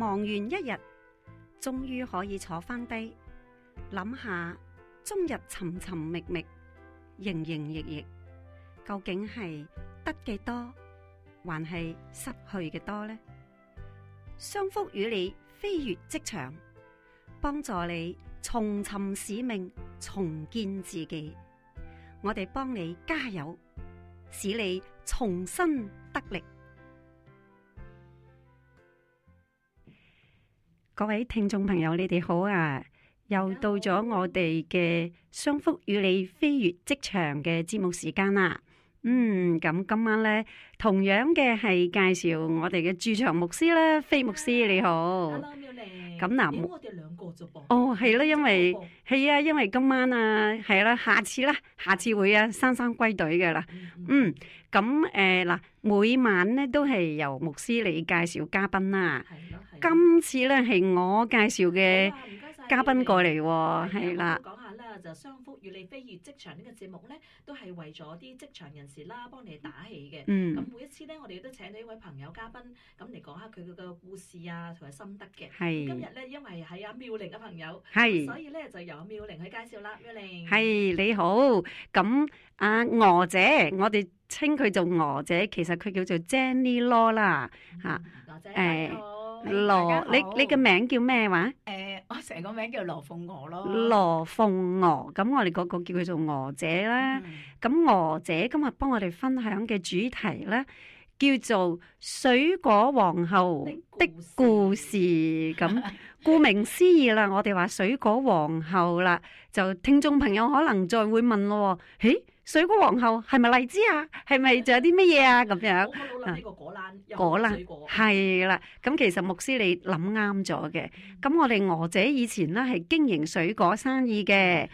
忙完一日，終於可以坐翻低，諗下終日尋尋覓覓，營營役役，究竟係得嘅多，還係失去嘅多呢？商福與你飛越職場，幫助你重尋使命，重建自己。我哋幫你加油，使你重新。各位聽眾朋友，你哋好啊！又到咗我哋嘅商福與你飛越職場嘅節目時間啦。嗯，咁今晚咧，同樣嘅係介紹我哋嘅駐場牧師啦，飛牧師你好。咁嗱，哦係啦，因為係啊，因為今晚啊，係啦，下次啦，下次會啊，雙雙歸隊嘅啦。嗯，咁誒嗱。每晚呢都係由牧師嚟介紹嘉賓啦。是是今次呢係我介紹嘅。嘉賓過嚟喎，係啦。講下啦，就商福與你飛越職場呢個節目咧，都係為咗啲職場人士啦，幫你打氣嘅。嗯。咁每一次咧，我哋都請到一位朋友嘉賓，咁嚟講下佢個故事啊，同埋心得嘅。係。今日咧，因為係阿妙玲嘅朋友，係。所以咧，就由阿妙玲去介紹啦，妙玲。係你好，咁阿娥姐，我哋稱佢做娥姐，其實佢叫做 Jenny Law 啦，嚇。娥姐，你好。羅，你你嘅名叫咩話？誒，我成個名叫羅鳳娥咯。羅鳳娥，咁我哋嗰個叫佢做娥姐啦。咁娥姐今日幫我哋分享嘅主題咧，叫做《水果皇后》的故事。咁，顧名思義啦，我哋話水果皇后啦，就聽眾朋友可能再會問咯，誒。水果皇后係咪荔枝啊？係咪仲有啲乜嘢啊？咁 樣，呢個果欄，啊、果欄係啦。咁其實牧師你諗啱咗嘅。咁、嗯、我哋娥姐以前咧係經營水果生意嘅。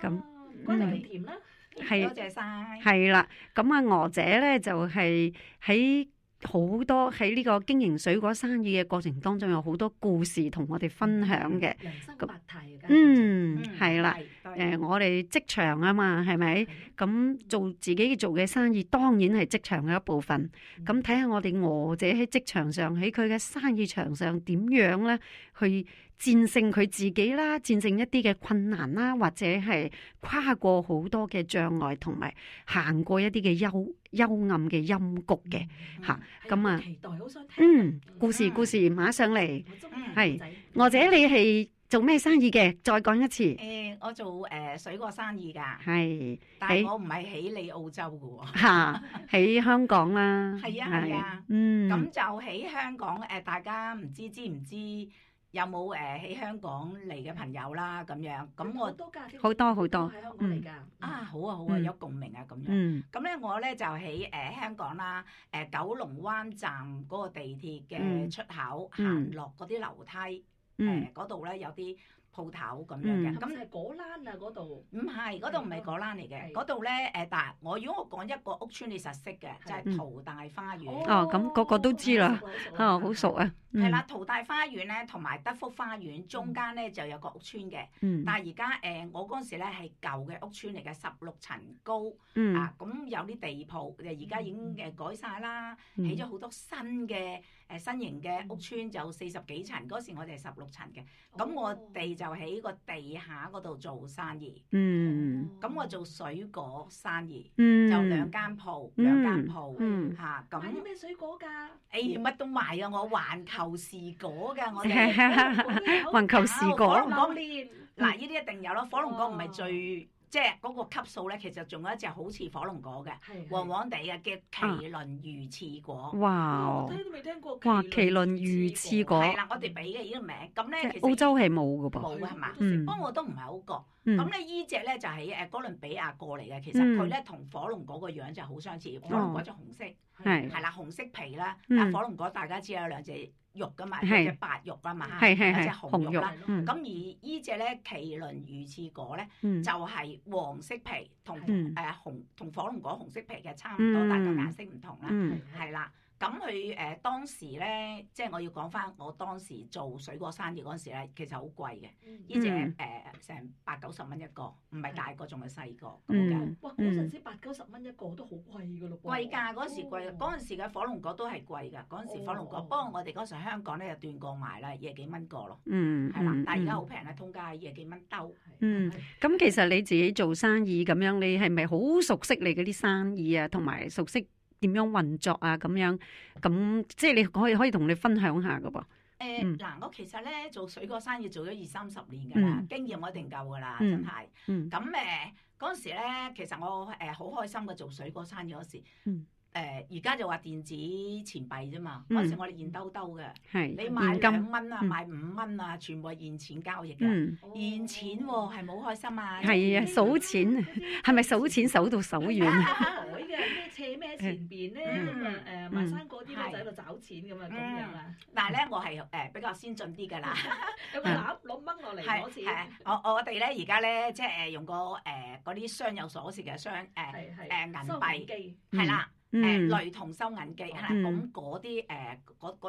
咁、啊，嗰啲那甜啦，是多謝晒。係啦。咁啊，娥姐咧就係喺。好多喺呢個經營水果生意嘅過程當中，有好多故事同我哋分享嘅人生話題嗯，係、嗯、啦，誒、嗯呃，我哋職場啊嘛，係咪？咁對做自己做嘅生意，當然係職場嘅一部分。咁睇下我哋娥姐喺職場上，喺佢嘅生意場上點樣咧，去戰勝佢自己啦，戰勝一啲嘅困難啦，或者係跨過好多嘅障礙，同埋行過一啲嘅憂幽暗嘅陰谷嘅嚇，咁啊，嗯，故事故事，馬上嚟。係，娥姐你係做咩生意嘅？再講一次，誒，我做誒水果生意㗎，係，但係我唔係喺你澳洲嘅喎，嚇，喺香港啦，係啊係啊，嗯，咁就喺香港誒，大家唔知知唔知？有冇誒喺香港嚟嘅朋友啦咁、嗯、樣？咁我好多好多喺香港嚟㗎。嗯、啊，好啊好啊，有共鳴啊咁樣。咁咧、嗯、我咧就喺誒香港啦，誒、呃、九龍灣站嗰個地鐵嘅出口行落嗰啲樓梯誒嗰度咧有啲鋪頭咁樣嘅，咁係果欄啊嗰度？唔係，嗰度唔係果欄嚟嘅，嗰度咧誒，但係我如果我講一個屋村你實識嘅，就係淘大花園。哦，咁個個都知啦，哦好熟啊！係啦，淘大花園咧，同埋德福花園中間咧就有個屋村嘅。但係而家誒，我嗰時咧係舊嘅屋村嚟嘅，十六層高。嗯。啊，咁有啲地鋪，而家已經誒改晒啦，起咗好多新嘅誒新型嘅屋村，就四十幾層。嗰時我哋係十六層嘅，咁我哋就喺個地下嗰度做生意。嗯，咁我做水果生意。嗯，就兩間鋪，嗯、兩間鋪嚇。咁咩、嗯啊、水果㗎？誒、哎，乜都賣啊！我環球時果嘅，我哋環 球時果。啊、火龍果唔嗱，呢啲、嗯、一定有咯。火龍果唔係最。哦即係嗰個級數咧，其實仲有一隻好似火龍果嘅，黃黃地嘅叫麒麟魚刺果。哇！我都未聽過，哇！麒麟魚刺果係啦，我哋俾嘅呢個名。咁咧，其實澳洲係冇嘅噃。冇係嘛？不過我都唔係好覺。咁咧，呢隻咧就係誒哥倫比亞過嚟嘅。其實佢咧同火龍果個樣就好相似。火龍果就紅色，係係啦，紅色皮啦。啊，火龍果大家知啦，兩隻。肉噶嘛，有隻是白肉啊嘛嚇，有隻紅肉啦。咁肉、嗯、而呢隻咧麒麟乳翅果咧，嗯、就係黃色皮同誒、嗯呃、紅同火龍果紅色皮嘅差唔多，嗯、但個顏色唔同、嗯嗯、啦，係啦。咁佢誒當時咧，即係我要講返我當時做水果生意嗰陣時咧，其實好貴嘅，呢隻誒成八九十蚊一個，唔係大個仲係細個咁嘅。哇！嗰陣八九十蚊一個都好貴㗎咯。貴價嗰時貴，嗰陣時嘅火龍果都係貴㗎。嗰陣時火龍果，不過我哋嗰時香港咧就斷過賣啦，廿幾蚊個咯。嗯，係啦，但係而家好平啦，通街廿幾蚊兜。嗯，咁其實你自己做生意咁樣，你係咪好熟悉你嗰啲生意啊，同埋熟悉？點樣運作啊？咁樣咁，即係你可以可以同你分享下噶噃。誒、欸，嗱、嗯，我其實咧做水果生意做咗二三十年噶啦，嗯、經驗我一定夠噶啦，真係。咁誒、嗯，嗰、嗯啊、時咧，其實我誒好、呃、開心嘅做水果生意嗰時。嗯誒而家就話電子錢幣啫嘛，嗰時我哋現兜兜嘅，你買兩蚊啊，買五蚊啊，全部係現錢交易嘅，現錢喎係冇開心啊！係啊，數錢，係咪數錢數到數遠啊？依家咩斜咩前邊咧？誒，賣生果啲都喺度找錢咁啊，咁樣啊！但係咧，我係誒比較先進啲㗎啦。有個盒攞掹落嚟攞錢，我我哋咧而家咧即係誒用個誒嗰啲箱，有鎖匙嘅箱，誒誒硬幣機，係啦。誒雷同收銀機，係啦，咁嗰啲誒，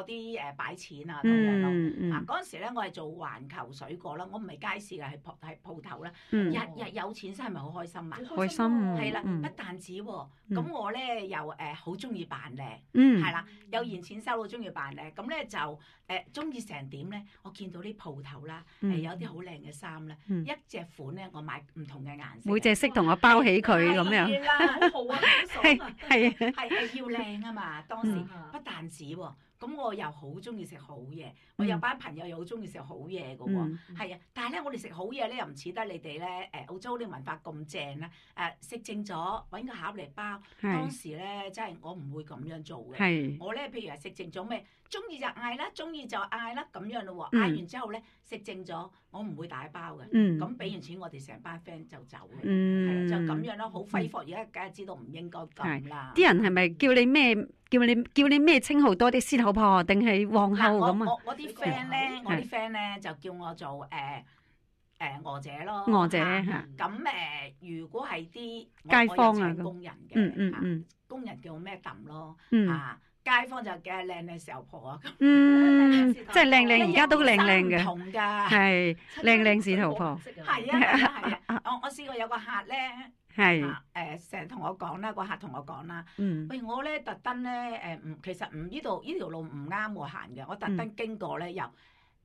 啲誒擺錢啊咁樣咯。嗱，嗰陣時咧，我係做環球水果啦，我唔係街市嘅，係鋪係鋪頭啦。日日有錢真係咪好開心啊？開心。係啦，不但止喎，咁我咧又誒好中意扮靚，係啦，有現錢收我中意扮靚，咁咧就誒中意成點咧？我見到啲鋪頭啦，有啲好靚嘅衫咧，一隻款咧，我買唔同嘅顏色，每隻色同我包起佢咁樣。係啦，好啊，好爽啊。係係、 啊、要靚啊嘛！當時 不但止喎、啊，咁我又好中意食好嘢。 我有班朋友又好中意食好嘢嘅喎，係啊！ 但係咧，我哋食好嘢咧又唔似得你哋咧。誒澳洲啲文化咁正啦、啊，誒食剩咗揾個盒嚟包。是當時咧真係我唔會咁樣做嘅。是我咧譬如話食剩咗咩？中意就嗌啦，中意就嗌啦，咁樣咯喎！嗌完之後咧，食剩咗，我唔會打包嘅。嗯。咁俾完錢，我哋成班 friend 就走嘅。嗯。就咁樣咯，好揮霍。而家梗係知道唔應該咁啦。啲人係咪叫你咩？叫你叫你咩稱號多啲？獅頭婆定係皇后咁啊？我我啲 friend 咧，我啲 friend 咧就叫我做誒誒、呃呃、娥姐咯。娥姐。咁誒、啊的，如果係啲街坊請工人嘅，工人叫咩揼咯？嗯。街坊就幾、 嗯嗯、靚靚，時候婆啊咁，即係靚靚，而家都靚靚嘅，係是靚靚時候婆。係啊，我我試過有個客咧，係誒成日同我講啦，個客同我講啦，喂，我咧特登咧誒唔，其實唔呢度呢條路唔啱我行嘅，我特登經過咧由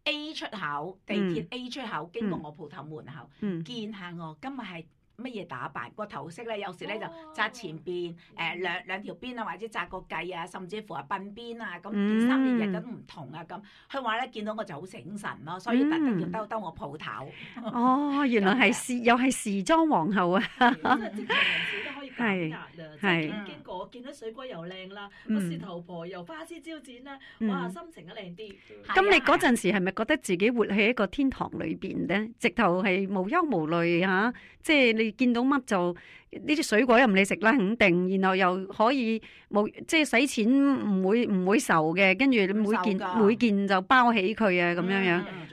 A 出口地鐵、嗯、A 出口經過我鋪頭門口，見下我今日係乜嘢打扮、個頭飾咧？有時咧就紮前邊，誒、呃、兩兩條辮啊，或者紮個髻啊，甚至乎啊鬢邊啊，咁三年日都唔同啊咁。佢話咧見到我就好醒神咯、啊，所以特登要兜兜我鋪頭。哦，oh, 原來係時 又係時裝皇后啊！ 嗯 係啊，即係經過，見到水果又靚啦，個事頭婆又花枝招展啦，哇，心情都靚啲。咁你嗰陣時係咪覺得自己活喺一個天堂裏邊咧？直頭係無憂無慮嚇，即係你見到乜就呢啲水果又任你食啦，肯定。然後又可以冇即係使錢唔會唔會愁嘅，跟住每件每件就包起佢啊咁樣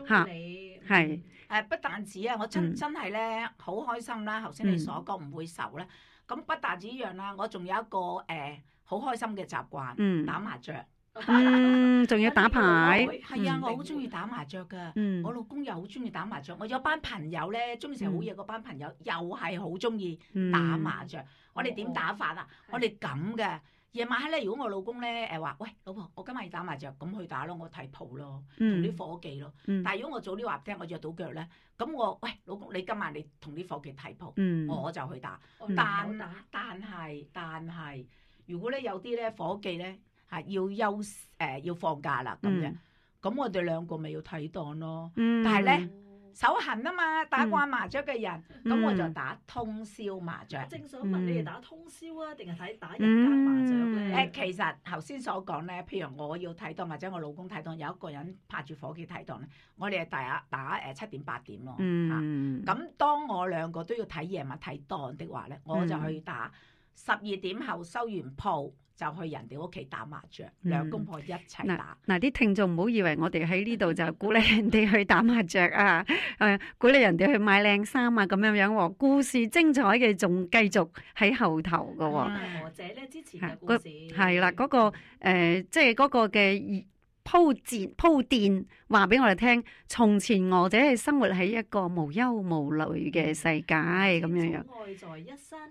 樣嚇。係，係，誒不但止啊，我真真係咧好開心啦！頭先你所講唔會愁咧。咁不但止一樣啦，我仲有一個誒好、欸、開心嘅習慣，嗯、打麻雀，打麻將嗯，仲要打牌，係啊，我好中意打麻雀㗎，嗯、我老公又好中意打麻雀，我有班朋友咧中意食好嘢嗰班朋友又係好中意打麻雀，嗯、我哋點打法啊？嗯嗯、我哋咁嘅。的夜晚黑咧，如果我老公咧誒話，喂老婆，我今晚要打麻雀，咁去打咯，我睇鋪咯，同啲、嗯、伙計咯。嗯、但係如果我早啲話聽，我約到腳咧，咁我，喂老公，你今晚你同啲伙計睇鋪，嗯、我，我就去打。嗯、但但係但係，如果咧有啲咧伙計咧係要休誒、呃、要放假啦咁樣，咁、嗯嗯、我哋兩個咪要睇檔咯。但係咧。手痕啊嘛，打慣麻雀嘅人，咁、嗯、我就打通宵麻雀。正想問你哋、嗯、打通宵啊，定係睇打人家麻雀咧？誒，其實頭先所講咧，譬如我要睇檔或者我老公睇檔，有一個人拍住火機睇檔咧，我哋係大家打誒七點八點咯嚇。咁、嗯啊、當我兩個都要睇夜晚睇檔的話咧，我就去打十二點後收完鋪。就去人哋屋企打麻雀，兩公婆一齊打。嗱啲、嗯、聽眾唔好以為我哋喺呢度就鼓勵人哋去打麻雀啊，誒、 啊、鼓勵人哋去買靚衫啊咁樣樣、啊、喎。故事精彩嘅仲繼續喺後頭㗎喎、啊，或者咧之前嘅係啦嗰個、呃、即係嗰個嘅。鋪墊鋪墊，話俾我哋聽，從前我淨係生活喺一個無憂無慮嘅世界咁樣、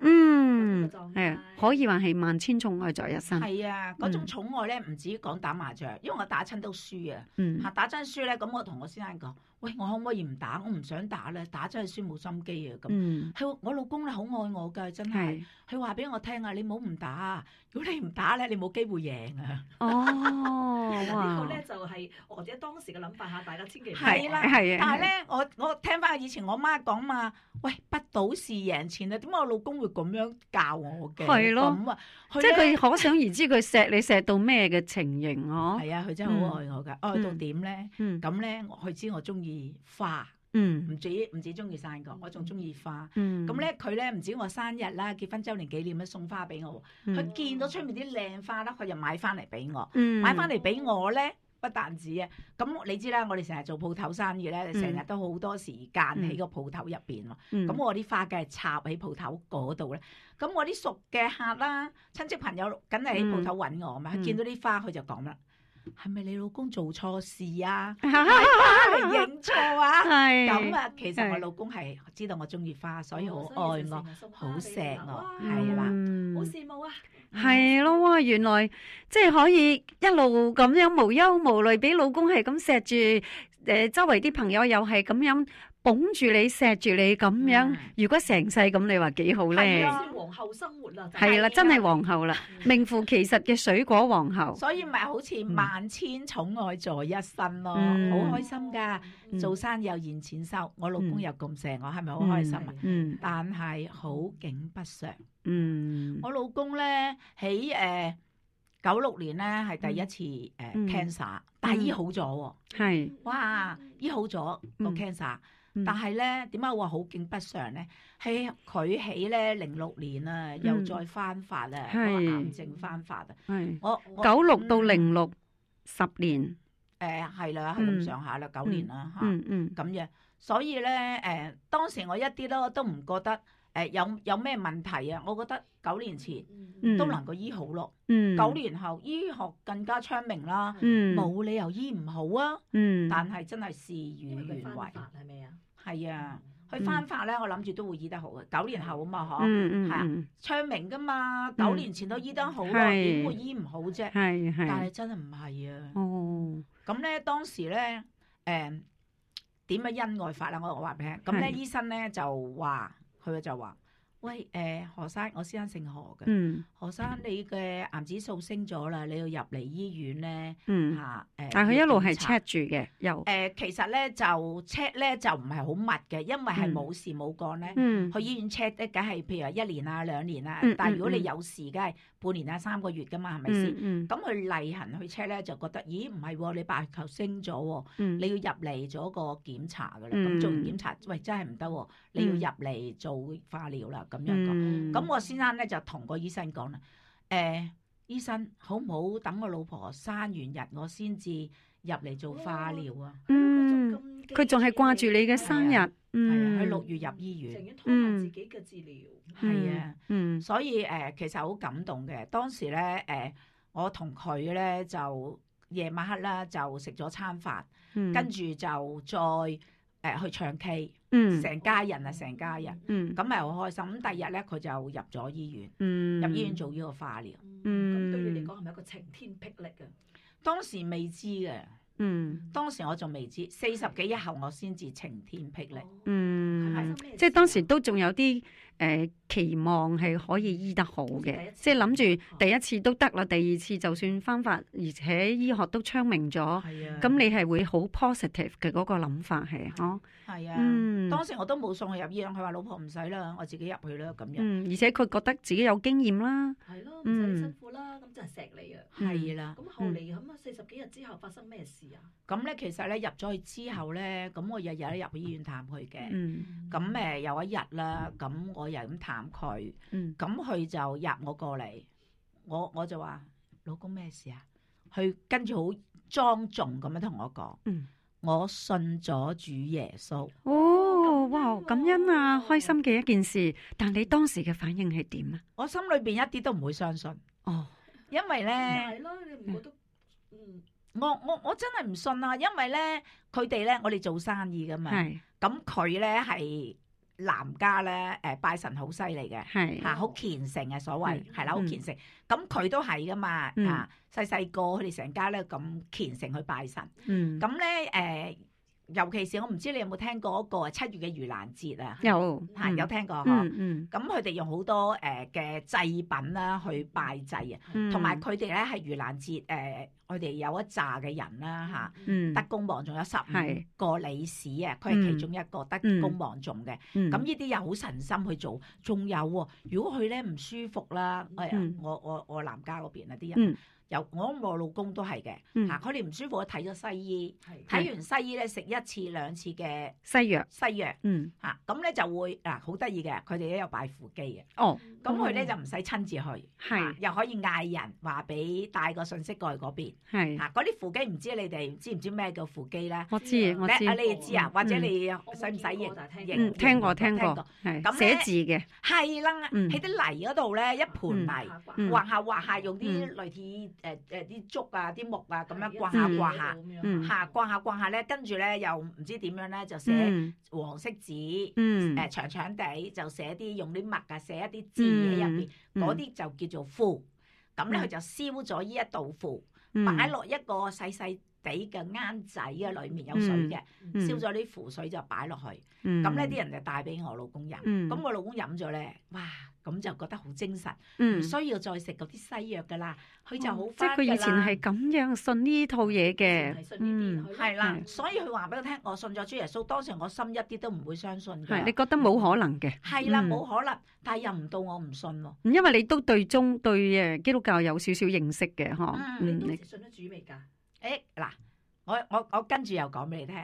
嗯、樣。嗯，係啊，可以話係萬千寵愛在一身。係、嗯、啊，嗰種寵愛咧，唔、嗯、止於講打麻雀，因為我打親都輸啊。嗯，吓打親輸咧，咁我同我先生講。喂，我可唔可以唔打？我唔想打咧，打真係輸冇心機啊！咁，佢我老公咧好愛我嘅，真係，佢話俾我聽啊，你唔好唔打，如果你唔打咧，你冇機會贏啊！哦，呢個咧就係或者當時嘅諗法下，大家千祈唔好。係啦，係啊。但係咧，我我聽翻以前我媽講嘛，喂，不賭是贏錢啊！點解我老公會咁樣教我嘅？係咯。咁啊，即係佢可想而知，佢錫你錫到咩嘅情形？哦。係啊，佢真係好愛我噶，愛到點咧？咁咧，佢知我中意。花，嗯，唔止唔止中意生果，嗯、我仲中意花，咁咧佢咧唔止我生日啦，結婚周年紀念咧送花俾我，佢、嗯、見到出面啲靚花啦，佢就買翻嚟俾我嗯，買翻嚟俾我咧，不但止啊，咁你知啦，我哋成日做鋪頭生意咧，成日、嗯、都好多時間喺個鋪頭入邊，咁我啲花梗係插喺鋪頭嗰度咧，咁我啲熟嘅客啦，親戚朋友梗係喺鋪頭揾我啊嘛，嗯、佢見到啲花佢就講啦。係咪你老公做錯事啊？ 認錯啊？係咁 是啊！其實我老公係知道我中意花，所以好愛我，好錫、哦、我，係啦，啊、好羨慕啊！係、啊嗯、咯，原來即係可以一路咁樣無憂無慮，俾老公係咁錫住。誒，周圍啲朋友又係咁樣。捧住你，錫住你咁樣。如果成世咁，你話幾好咧？係啊，皇后生活啦，係啦，真係皇后啦，名副其實嘅水果皇后。所以咪好似萬千寵愛在一身咯，好開心噶。做生又現錢收，我老公又咁錫我，係咪好開心啊？嗯，但係好景不常。嗯，我老公咧，喺誒九六年咧係第一次誒 cancer，但係醫好咗喎。係，哇，醫好咗個 cancer。但係咧，點解話好景不常咧？係佢起咧，零六年啊，又再翻發啊，癌症翻發啊。我九六到零六十年，誒係啦，係咁上下啦，九、嗯、年啦嚇，咁、嗯嗯、樣。所以咧，誒、呃、當時我一啲都都唔覺得誒、呃、有有咩問題啊。我覺得九年前都能夠醫好咯，九、嗯、年後醫學更加昌明啦，冇、嗯嗯、理由醫唔好啊。但係真係事與願違，係咪啊？係啊，佢翻法咧，我諗住都會醫得好嘅。九年後啊嘛，嗬，係啊，昌明噶嘛。九年前都醫得好，點、嗯、會醫唔好啫？係係。但係真係唔係啊！哦，咁咧、嗯、當時咧，誒點樣恩愛法啦？嗯、我我話俾你，咁、嗯、咧的醫生咧就話，佢就話。喂，誒、呃、何生，我先生姓何嘅。嗯。何生，你嘅癌指數升咗啦，你要入嚟醫院咧。嗯。嚇誒、啊。呃、但係佢一路係 check 住嘅。又。誒、呃，其實咧就 check 咧就唔係好密嘅，因為係冇事冇干咧。嗯。去醫院 check 咧，梗係譬如話一年啊兩年啊。嗯、但係如果你有事，梗係、嗯。嗯嗯半年啊，三個月噶嘛，係咪先？咁佢例行去 check 咧，就覺得，咦，唔係喎，你白球升咗喎，哦，嗯、你要入嚟做個檢查噶啦。咁、嗯、做完檢查，喂，真係唔得喎，嗯、你要入嚟做化療啦，咁樣講。咁、嗯、我先生咧就同個醫生講啦，誒、呃，醫生，好唔好等我老婆生完日，我先至入嚟做化療啊？嗯，佢仲係掛住你嘅生日。嗯係啊，佢六、mm hmm. 月入醫院，通過自己嘅治療，嗯，係啊，嗯，所以誒其實好感動嘅，當時咧誒我同佢咧就夜晚黑啦就食咗餐飯，跟住就再誒去唱 K，嗯，成家人啊成家人，嗯，咁咪好開心，咁第二日咧佢就入咗醫院，嗯，入醫院做呢個化療，嗯、mm，咁、hmm. 對你嚟講係咪一個晴天霹靂啊？當時未知嘅。嗯，當時我仲未知，四十幾日後我先至晴天霹靂。嗯，係即係當時都仲有啲誒、呃、期望係可以醫得好嘅，即係諗住第一次都得啦，第二次就算翻法，而且醫學都昌明咗，咁、啊、你係會好 positive 嘅嗰個諗法係嗬。係啊，嗯、當時我都冇送佢入醫院，佢話，老婆唔使啦，我自己入去啦咁樣、嗯。而且佢覺得自己有經驗啦。係咯、唔使，辛苦啦，咁就係錫你啊。係啦。咁後嚟咁啊，四十幾日之後發生咩事啊？咁咧，其實咧，入咗去之後咧，咁我日日都入去醫院探佢嘅。嗯。咁誒，有一日啦，咁我又咁探佢。嗯。咁佢就入我過嚟，我我就話：老公咩事啊？佢跟住好莊重咁樣同我講。嗯我信咗主耶穌。哦，啊、哇，感恩啊，開心嘅一件事。但你當時嘅反應係點啊？我心裏邊一啲都唔會相信。哦，因為咧，係咯，你唔覺得？嗯，我我我真係唔信啊！因為咧，佢哋咧，我哋做生意噶嘛，係咁佢咧係。男家咧，誒拜神好犀利嘅，嚇好的、啊、虔誠嘅、嗯、所謂，係啦好虔誠，咁佢、嗯、都係㗎嘛，嚇細細個佢哋成家咧咁虔誠去拜神，咁咧誒。尤其是我唔知你有冇聽過一個七月嘅盂蘭節啊？有嚇有聽過嗬，咁佢哋用好多誒嘅、呃、祭品啦去拜祭、嗯呃、啊，同埋佢哋咧係盂蘭節誒，我哋有一紮嘅人啦嚇，德高望仲有十五個理事啊，佢係是其中一個德高望重嘅，咁呢啲又好神心去做，仲有喎、啊，如果佢咧唔舒服啦、嗯啊，我我我我男家嗰邊嗰啲人。有我我老公都係嘅，嚇佢哋唔舒服，睇咗西醫，睇完西醫咧食一次兩次嘅西藥，西藥，嚇咁咧就會嗱好得意嘅，佢哋都有擺扶機嘅，哦，咁佢咧就唔使親自去，係，又可以嗌人話俾帶個信息過去嗰邊，係，嗰啲扶機唔知你哋知唔知咩叫扶機咧？我知，我知，啊你哋知啊？或者你使唔使認？嗯，聽過聽過，係，寫字嘅，係啦，喺啲泥嗰度咧一盤泥，畫下畫下用啲類似。誒誒，啲、呃呃、竹啊，啲木啊，咁樣刮下刮下，吓掛、嗯、下掛下咧，跟住咧又唔知點樣咧，就寫黃色紙，誒、嗯呃、長長地就寫啲用啲墨啊，寫一啲字喺入邊，嗰啲、嗯、就叫做符，咁咧佢就燒咗呢一道符，擺落一個細細。地嘅啱仔啊，裏面有水嘅，燒咗啲符水就擺落去。咁咧，啲人就帶俾我老公飲。咁我老公飲咗咧，哇！咁就覺得好精神，唔需要再食嗰啲西藥噶啦，佢就好快。即係佢以前係咁樣信呢套嘢嘅，係啦。所以佢話俾我聽，我信咗主耶穌。當時我心一啲都唔會相信嘅。係，你覺得冇可能嘅？係啦，冇可能。但係又唔到我唔信喎。咁因為你都對中對誒基督教有少少認識嘅，嗬。嗯，你都信咗主未噶？誒，嗱，我我我跟住又講俾你聽，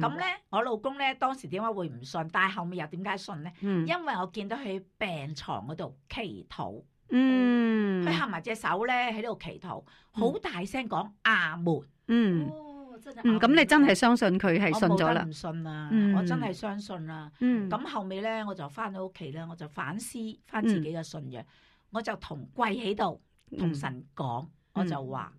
咁咧、嗯，我老公咧當時點解會唔信？但係後尾又點解信咧？嗯、因為我見到佢病床嗰度祈禱，佢合埋隻手咧喺度祈禱，好大聲講阿門。咁、嗯哦嗯、你真係相信佢係信咗啦？我冇得唔信啊！嗯、我真係相信啦。咁、嗯嗯、後尾咧，我就翻到屋企咧，我就反思翻自己嘅信仰，我就同跪喺度同神講，我就話。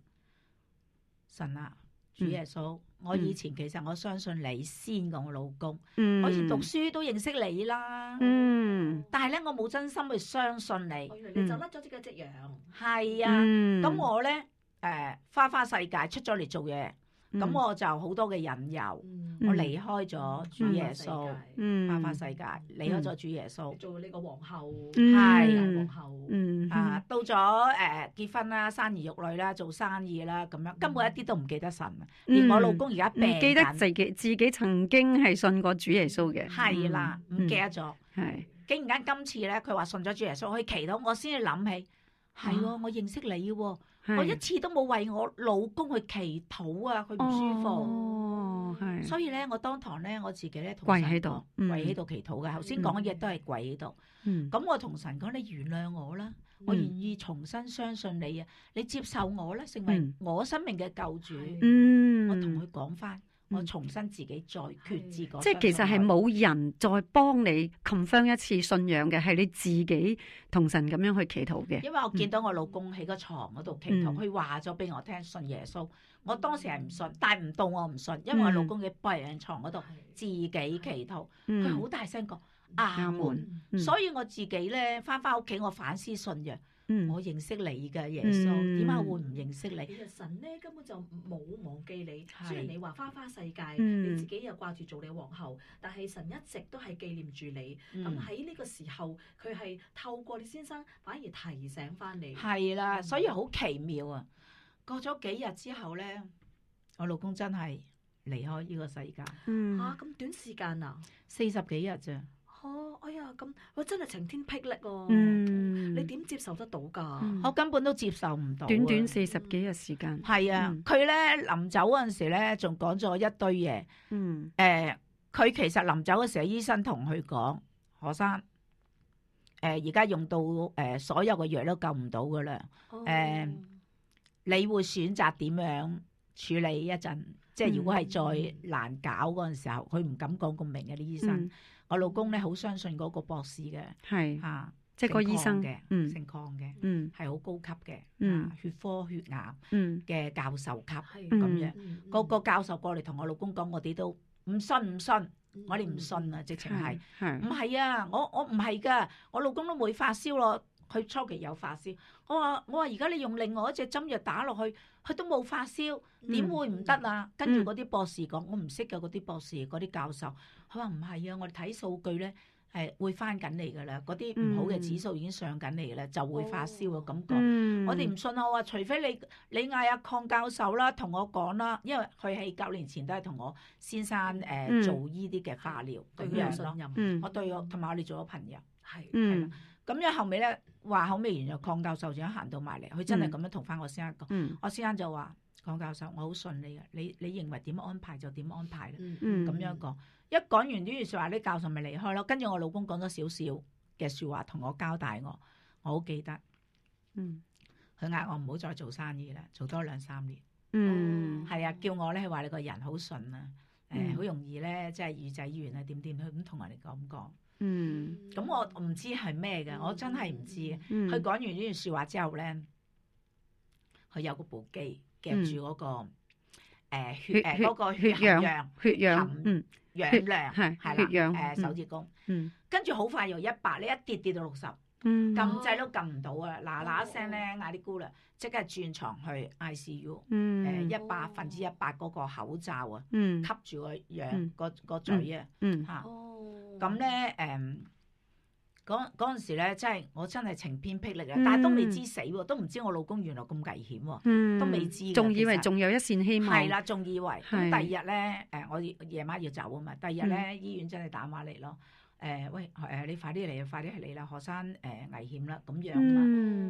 神啊，主耶穌，嗯、我以前其實我相信你先噶，我老公，嗯、我以前讀書都認識你啦，嗯、但係咧我冇真心去相信你，你就甩咗隻嗰隻羊，係啊，咁、嗯、我咧誒、呃、花花世界出咗嚟做嘢。咁我就好多嘅引誘，我離開咗主耶穌，花花世界，離開咗主耶穌，做呢個皇后，係皇后，啊，到咗誒結婚啦，生兒育女啦，做生意啦，咁樣根本一啲都唔記得神，連我老公而家病，記得自己自己曾經係信過主耶穌嘅，係啦，唔記得咗，係，竟然間今次咧，佢話信咗主耶穌，佢祈禱我先至諗起，係喎，我認識你喎。我一次都冇為我老公去祈禱啊，佢唔舒服，哦、所以咧我當堂咧我自己咧同神講，跪喺度，嗯、跪喺度祈禱嘅。頭先講嘅嘢都係跪喺度。咁、嗯、我同神講，你原諒我啦，我願意重新相信你啊，嗯、你接受我啦，成為我生命嘅救主。嗯、我同佢講翻。我重新自己再決志，嗯，即係其實係冇人再幫你 confirm 一次信仰嘅，係你自己同神咁樣去祈禱嘅。因為我見到我老公喺個床嗰度祈禱，佢話咗俾我聽信耶穌，我當時係唔信，但係唔到我唔信，因為我老公嘅佢喺床嗰度自己祈禱，佢好，嗯、大聲講阿門，嗯嗯、所以我自己咧翻翻屋企我反思信仰。嗯、我認識你嘅耶穌，點解、嗯、我會唔認識你？其實神咧根本就冇忘記你，是雖然你話花花世界，嗯、你自己又掛住做你皇后，但係神一直都係紀念住你。咁喺呢個時候，佢係透過你先生，反而提醒翻你。係啦，嗯、所以好奇妙啊！過咗幾日之後咧，我老公真係離開呢個世界。嚇咁、嗯啊、短時間啊？四十幾日咋。哦，哎呀，咁我真係晴天霹靂哦！你點接受得到噶？我根本都接受唔到。短短四十幾日時間。係啊，佢咧臨走嗰陣時咧，仲講咗一堆嘢。嗯。誒，佢其實臨走嗰時，醫生同佢講，何生，誒，而家用到誒所有嘅藥都救唔到噶啦。誒，你會選擇點樣處理一陣？即係如果係再難搞嗰陣時候，佢唔敢講咁明嘅啲醫生。我老公咧，好相信嗰個博士嘅，嚇是，啊、即係個醫生嘅，姓亢嘅，係好、嗯嗯、高級嘅、嗯啊，血科血癌嘅教授級咁、嗯、樣。個、嗯、個教授過嚟同我老公講，我哋都唔信唔信，信嗯、我哋唔信啊！直情係，唔係啊！我我唔係噶，我老公都唔會發燒咯。佢初期有發燒，我話我話而家你用另外一隻針藥打落去，佢都冇發燒，點會唔得啊？跟住嗰啲博士講，我唔識嘅嗰啲博士、嗰啲教授，佢話唔係啊，我哋睇數據咧係會翻緊嚟噶啦，嗰啲唔好嘅指數已經上緊嚟啦，嗯、就會發燒嘅感覺。哦嗯、我哋唔信我話，除非你你嗌阿鄺教授啦，同我講啦，因為佢喺九年前都係同我先生誒做呢啲嘅化療咁樣、嗯嗯、我對我同埋我哋做咗朋友，係嗯。咁樣後尾咧，話後尾原來鄺教授仲行到埋嚟，佢真係咁樣同翻我先生講，嗯、我先生就話鄺教授我好信你啊，你你認為點安排就點安排啦，咁、嗯、樣講。一講完呢句說,說話，呢教授咪離開咯。跟住我老公講咗少少嘅說話同我交代我，我好記得。嗯，佢嗌我唔好再做生意啦，做多兩三年。嗯，係、嗯、啊，叫我咧話你個人好順啊，誒、嗯，好、嗯、容易咧，即係耳仔軟啊，點點佢咁同人哋講講？嗯，咁我唔知係咩嘅，我真係唔知。佢講完呢段說話之後咧，佢有嗰部機夾住嗰個誒血誒嗰個血氧血氧氧量係係啦，誒手指公。嗯，跟住好快由一百咧一跌跌到六十。嗯，撳掣都撳唔到啊！嗱嗱聲咧，嗌啲姑娘即刻轉床去 ICU，誒一百分之一百嗰個口罩啊，吸住個氧個個嘴啊嚇！咁咧誒，嗰嗰陣時咧，真係我真係晴天霹靂啊！但係都未知死喎，都唔知我老公原來咁危險喎，都未知仲以為仲有一線希望。係啦，仲以為第二日咧，誒我夜晚要走啊嘛，第二日咧醫院真係打電話嚟咯。誒、呃、喂，誒、呃、你快啲嚟啊！快啲嚟啦，學生誒、呃、危險啦，咁樣啦。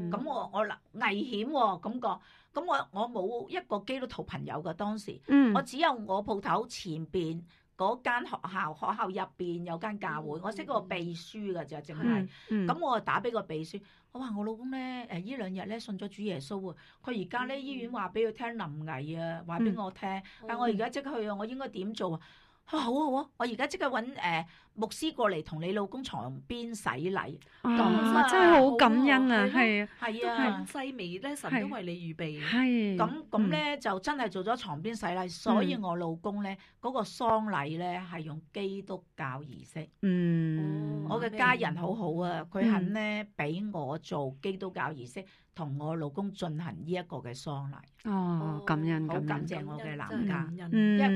咁、嗯、我我嗱危險喎、哦，感覺，咁我我冇一個基督徒朋友噶當時，嗯、我只有我鋪頭前邊嗰間學校，學校入邊有間教會，嗯、我識個秘書噶就淨係，咁、嗯、我就打俾個秘書，我話我老公咧誒呢兩日咧信咗主耶穌啊，佢而家咧醫院話俾佢聽臨危啊，話俾我聽，嗯、但我而家即刻去啊，我應該點做啊？哇、啊，好好、啊、喎！我而家即刻揾誒牧師過嚟同你老公床邊洗禮，咁、啊、真係好感恩啊！係啊，係啊，細微咧神都為你預備，咁咁咧就真係做咗床邊洗禮，所以我老公咧嗰、嗯、個喪禮咧係用基督教儀式。嗯，嗯我嘅家人好好啊，佢肯咧俾我做基督教儀式。同我老公進行呢一個嘅喪禮哦，感恩，感謝我嘅男家，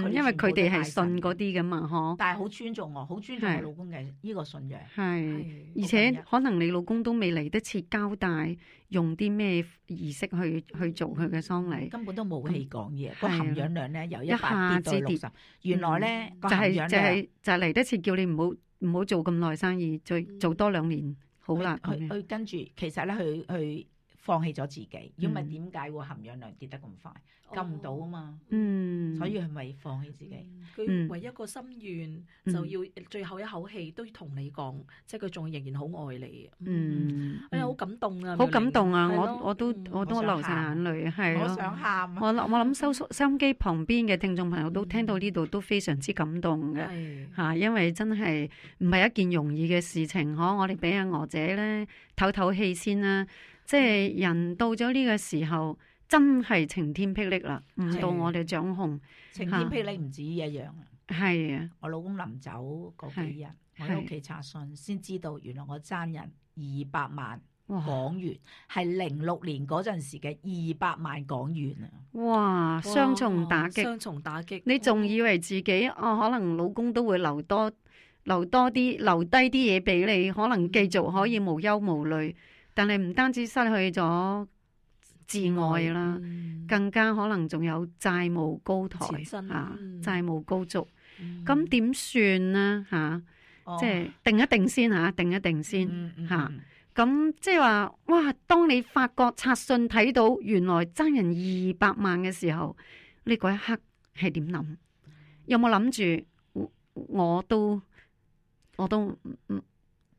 因為佢哋係信嗰啲嘅嘛，嗬，但係好尊重我，好尊重我老公嘅呢個信仰，係，而且可能你老公都未嚟得切交代，用啲咩儀式去去做佢嘅喪禮，根本都冇氣講嘢，個含氧量咧由一百跌到六十，一下跌原來咧就係就係就嚟得切叫你唔好唔好做咁耐生意，再做多兩年好啦，佢佢跟住其實咧佢佢。放棄咗自己，如果唔係點解會含氧量跌得咁快？救唔到啊嘛，嗯，所以係咪放棄自己。佢唯一個心願就要最後一口氣都要同你講，即係佢仲仍然好愛你。嗯，哎呀，好感動啊！好感動啊！我我都我都流晒眼淚，係咯。我想喊。我我諗收收音機旁邊嘅聽眾朋友都聽到呢度都非常之感動嘅嚇，因為真係唔係一件容易嘅事情。可我哋俾阿娥姐咧透透氣先啦。即係人到咗呢個時候，真係晴天霹靂啦，唔到我哋掌控。晴天霹靂唔止一樣。係啊的，我老公臨走嗰幾日，的我喺屋企查詢先的知道，原來我爭人二百萬港元，係零六年嗰陣時嘅二百萬港元啊！哇，雙重打擊，雙重打擊！你仲以為自己哦，可能老公都會留多留多啲，留低啲嘢俾你，可能繼續可以無憂無慮。但係唔單止失去咗至愛啦，嗯、更加可能仲有債務高台、嗯、啊，債務高築，咁點算呢？嚇、啊，哦、即係定一定先嚇、啊，定一定先嚇。咁、嗯嗯嗯啊、即係話哇，當你發覺拆信睇到原來爭人二百萬嘅時候，呢個一刻係點諗？有冇諗住我都我都，我都、嗯、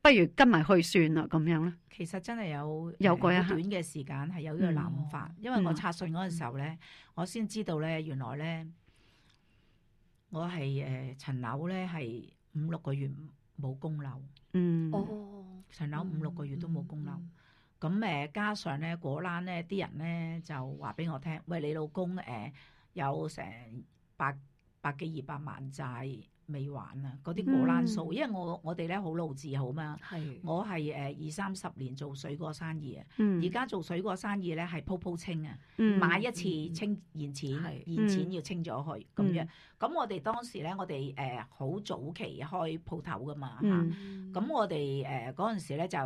不如跟埋去算啦，咁樣咧？其實真係有，有過一短嘅時間係有呢個諗法，嗯、因為我拆信嗰陣時候咧、嗯，我先知道咧原來咧，我係誒層樓咧係五六個月冇供樓，嗯，哦、層樓五六個月都冇供樓，咁誒、嗯嗯、加上咧果欄咧啲人咧就話俾我聽，喂，你老公誒、呃、有成百百幾二百萬債。未還啊！嗰啲果欄數，因為我我哋咧好老字號嘛，我係誒二三十年做水果生意啊，而家做水果生意咧係鋪鋪清啊，買一次清現錢，現錢要清咗去咁樣。咁我哋當時咧，我哋誒好早期開鋪頭噶嘛嚇，咁我哋誒嗰陣時咧就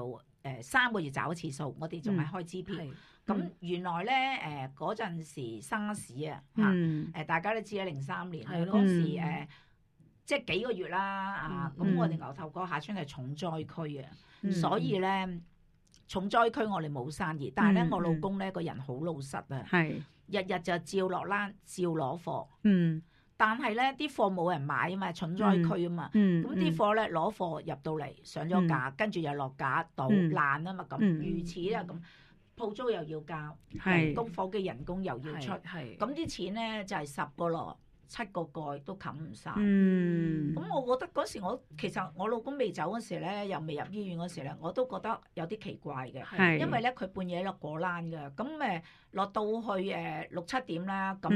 誒三個月找一次數，我哋仲係開支票。咁原來咧誒嗰陣時沙士啊嚇，誒大家都知啦，零三年嗰陣時誒。即係幾個月啦，啊，咁我哋牛頭角下村係重災區啊，所以咧重災區我哋冇生意，但係咧我老公咧個人好老實啊，係日日就照落欄，照攞貨，嗯，但係咧啲貨冇人買啊嘛，重災區啊嘛，咁啲貨咧攞貨入到嚟上咗架，跟住又落架，到爛啊嘛，咁如此啦咁，鋪租又要交，係工夥嘅人工又要出，係咁啲錢咧就係十個咯。七個蓋都冚唔晒，咁、嗯、我覺得嗰時我其實我老公未走嗰時咧，又未入醫院嗰時咧，我都覺得有啲奇怪嘅，是因為咧佢半夜落果欄嘅，咁誒、呃、落到去誒、呃、六七點啦，咁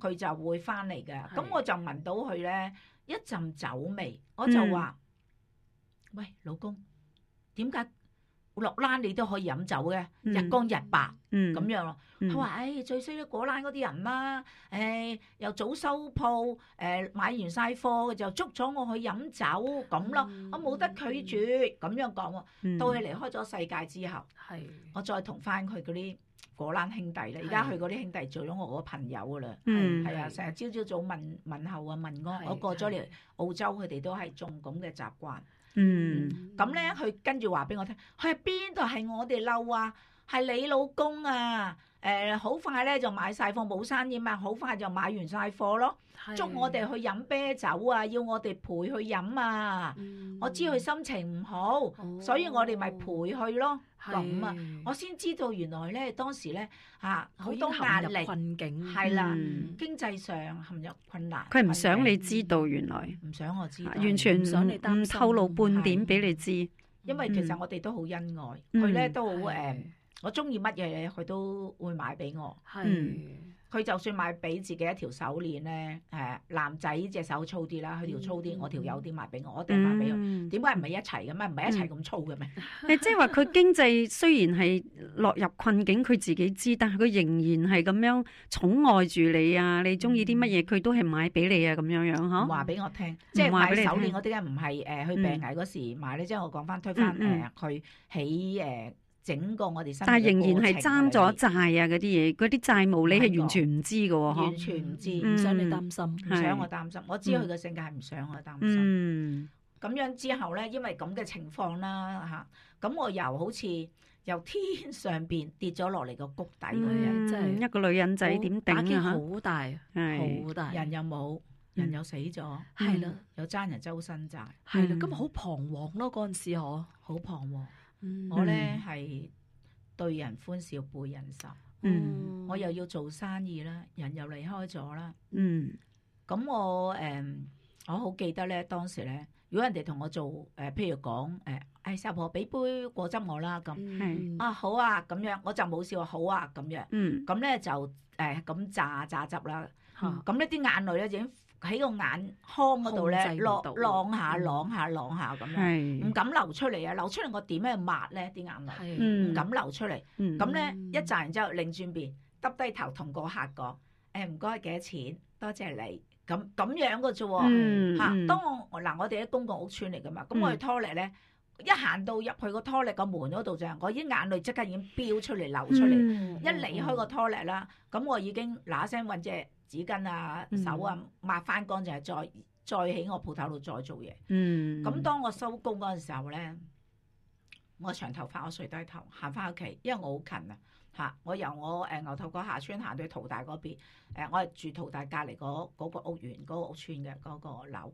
佢、嗯、就會翻嚟嘅，咁是我就聞到佢咧一陣酒味，我就話：嗯、喂老公，點解？落欄你都可以飲酒嘅，日光日白咁樣咯。佢話、嗯：，誒、嗯哎、最衰啲果欄嗰啲人啦、啊，誒、哎、又早收鋪，誒、呃、買完晒貨就捉咗我去飲酒咁咯。嗯、我冇得拒絕，咁樣講到佢離開咗世界之後，嗯、我再同翻佢嗰啲果欄兄弟咧，而家佢嗰啲兄弟做咗我個朋友噶啦。係是是啊，成日朝朝早問問候啊問我。是我過咗嚟澳洲，佢哋都係仲咁嘅習慣。嗯，咁咧、嗯，佢、嗯、跟住話俾我聽，佢係邊度係我哋嬲啊，係你老公啊！誒好快咧就買晒貨冇生意嘛，好快就買完晒貨咯。捉我哋去飲啤酒啊！要我哋陪佢飲啊！我知佢心情唔好，所以我哋咪陪佢咯。咁啊，我先知道原來咧當時咧嚇好多壓力困境，係啦，經濟上陷入困難。佢唔想你知道原來，唔想我知，完全唔想你透露半點俾你知。因為其實我哋都好恩愛，佢咧都好誒。我中意乜嘢，佢都會買俾我。係是，佢就算買俾自己一條手鏈咧，誒、呃，男仔隻手粗啲啦，佢條粗啲，我條幼啲，買俾我，我一定買俾佢。點解唔係一齊嘅咩？唔係一齊咁粗嘅咩？嗯、 即係話佢經濟雖然係落入困境，佢自己知，但係佢仍然係咁樣寵愛住你啊！你中意啲乜嘢，佢都係買俾你啊！咁樣樣嗬？話俾、嗯啊、我聽，即係買手鏈，嗰啲咧唔係誒？去病危嗰時買咧，即係我講翻推翻誒，佢、呃、起誒。呃啊起啊啊整個我哋身，但係仍然係爭咗債啊！嗰啲嘢，嗰啲債務你係完全唔知嘅喎，完全唔知，唔想你擔心，唔想我擔心。我知佢嘅性格係唔想我擔心。嗯，咁樣之後咧，因為咁嘅情況啦嚇，咁我又好似由天上邊跌咗落嚟個谷底咁啲嘢，真係一個女人仔點頂，打擊好大，好大，人又冇，人又死咗，係咯，又爭人周身債，係咯，咁好彷徨咯嗰陣時，嗬，好彷徨。Mm hmm. 我咧係對人歡笑背人愁，mm hmm. 我又要做生意啦，人又離開咗啦，咁、mm hmm. 我誒、嗯、我好記得咧當時咧，如果人哋同我做誒，譬如講誒，誒、哎，師婆俾杯果汁我啦，咁，mm hmm. 啊好啊，咁樣我就冇笑，好啊，咁樣，咁咧、mm hmm. 就誒咁榨榨汁啦，咁、mm hmm. 呢啲眼淚咧已經。喺個眼眶嗰度咧，晾晾下晾下晾下咁樣，唔敢流出嚟啊！流出嚟我點樣抹咧？啲眼淚唔敢流出嚟。咁咧一賺完之後，擰轉面，耷低頭同個客講，誒，唔該，幾多錢？多謝你。咁咁樣嘅啫。吓，當我嗱，我哋喺公共屋邨嚟噶嘛，咁我哋 toilet 咧，一行到入去個 toilet 個門嗰度就，我已經眼淚即刻已經飆出嚟流出嚟。一離開個 toilet 啦，咁我已經嗱一聲問謝。紙巾啊，手啊抹翻乾淨，就係再再喺我鋪頭度再做嘢。嗯，咁當我收工嗰陣時候咧，我長頭髮，我垂低頭行翻屋企，因為我好近啊，嚇！我由我誒牛頭角下村行到去淘大嗰邊，我係住淘大隔離嗰個屋苑、嗰個屋邨嘅嗰個樓。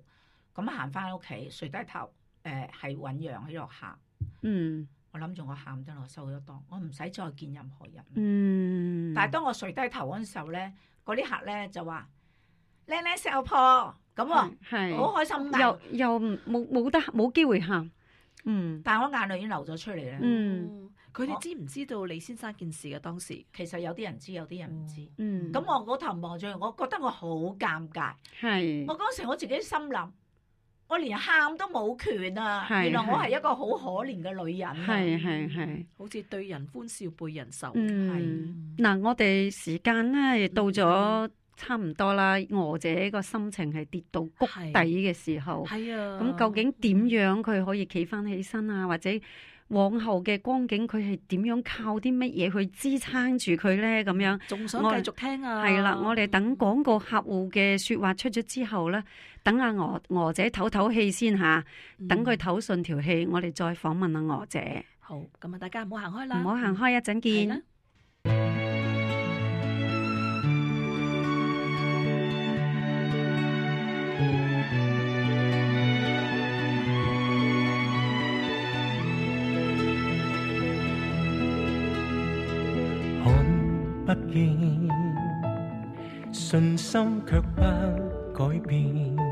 咁行翻屋企，垂低頭，誒係醞釀喺度喊。嗯，我諗住我喊得落收咗檔，我唔使再見任何人。嗯，但係當我垂低頭嗰陣時候咧。嗰啲客咧就話：靚靚食又破，咁喎，好、啊、是開心。又但 又冇冇得冇機會喊，嗯。但係我眼淚已經流咗出嚟咧。嗯，佢哋他們、啊、知唔知道李先生件事嘅、啊、當時？其實有啲人知，有啲人唔知。嗯。咁、嗯、我嗰頭望住，我覺得我好尷尬。係是。我嗰時我自己心諗。我連喊都冇權啊！原來我係一個好可憐嘅女人啊！係係係，好似對人歡笑背人愁。係嗱、嗯的嗯，我哋時間咧到咗差唔多啦。我者個心情係跌到谷底嘅時候。係啊。咁究竟點樣佢可以企翻起身啊？的或者往後嘅光景，佢係點樣靠啲乜嘢去支撐住佢咧？咁樣仲想繼續聽啊？係啦，我哋等廣告客戶嘅説話出咗之後咧。等阿娥娥姐唞唞氣先吓，等佢唞順條氣，我哋再訪問阿娥姐。好，咁啊，大家唔好行開啦，唔好行開，一陣見。看不見，信心卻不改變。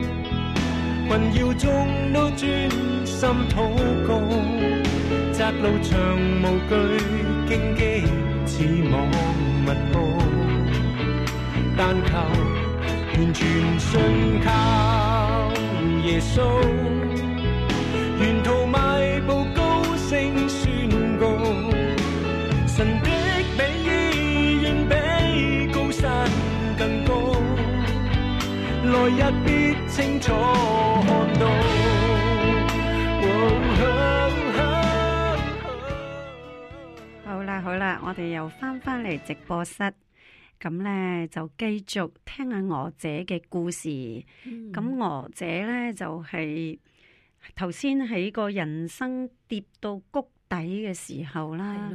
困擾中都專心禱告，窄路長無懼，荊棘似網密布，但求完全信靠耶穌，沿途邁步高聲宣告，神的美意遠比高山更高，來日必清楚。我哋又翻返嚟直播室，咁咧就繼續聽下娥姐嘅故事。咁、嗯、娥姐咧就係頭先喺個人生跌到谷底嘅時候啦，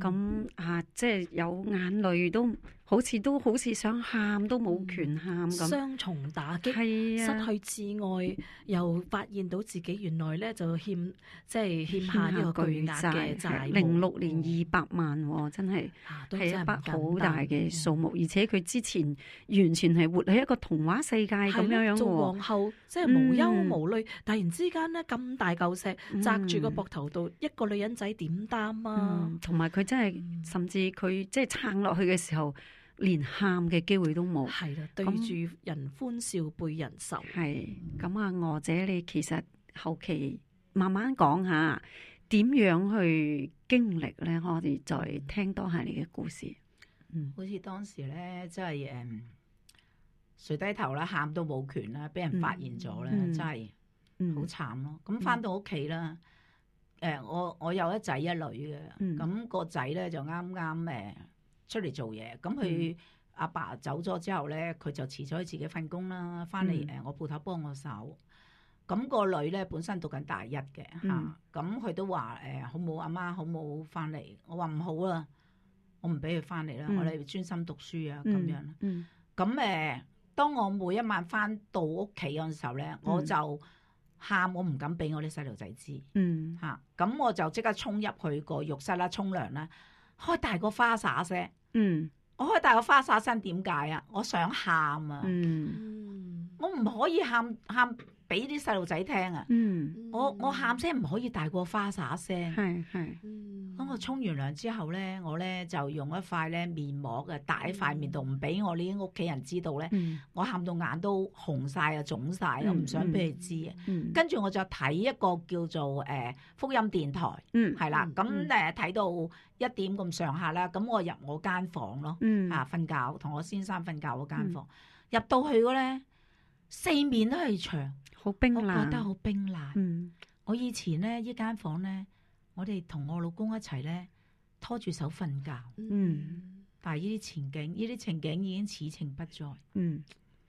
咁、嗯、啊即係有眼淚都。好似都好似想喊都冇權喊咁，雙重打擊，啊、失去至愛，又發現到自己原來咧就欠，即係欠下一個巨債債。零六、啊、年二百萬喎，哦，真係係一筆好大嘅數目，啊、而且佢之前完全係活喺一個童話世界咁樣樣，啊、做皇后即係無憂無慮，嗯、突然之間咧咁大嚿石擲住個膊頭度，一個女人仔點擔啊？同埋佢真係，嗯、甚至佢即係撐落去嘅時候。連喊嘅機會都冇。係啦，對住人歡笑背人愁，係咁啊！娥姐你其實後期慢慢講下點樣去經歷咧？我哋再聽多下你嘅故事。嗯，好似當時咧，真係誒，垂低頭啦，喊都冇權啦，俾人發現咗咧，真係好慘咯。咁翻到屋企啦，誒，我我有一仔一女嘅，咁個仔咧就啱啱誒。出嚟做嘢，咁佢阿爸走咗之後咧，佢就辭咗自己份工啦，翻嚟誒我鋪頭幫我手。咁、那個女咧本身讀緊大一嘅嚇，咁佢、嗯啊、都話誒、呃、好冇阿媽，媽好冇翻嚟，我話唔好啦，我唔俾佢翻嚟啦，嗯、我哋專心讀書啊咁樣。咁誒、嗯嗯啊，當我每一晚翻到屋企嗰陣時候咧、嗯，我就喊，我唔敢俾我啲細路仔知嚇，咁、嗯啊、我就即刻沖入去個浴室啦，沖涼啦，開大個花灑聲。嗯，mm. 我可以帶個花灑身，點解啊？我想喊啊！Mm. 我唔可以喊喊。俾啲細路仔聽啊！我我喊聲唔可以大過花灑聲。咁我沖完涼之後咧，我咧就用一塊咧面膜嘅，戴喺塊面度，唔俾我呢啲屋企人知道咧。我喊到眼都紅晒啊，腫晒，我唔想俾佢知。跟住我就睇一個叫做誒福音電台，係啦。咁誒睇到一點咁上下啦，咁我入我間房咯，啊瞓覺同我先生瞓覺嗰間房。入到去嗰咧，四面都係牆。好冰冷，我覺得好冰冷。嗯、我以前咧，呢間房咧，我哋同我老公一齊咧，拖住手瞓覺。嗯，但係呢啲前景，呢啲情景已經此情不再。嗯，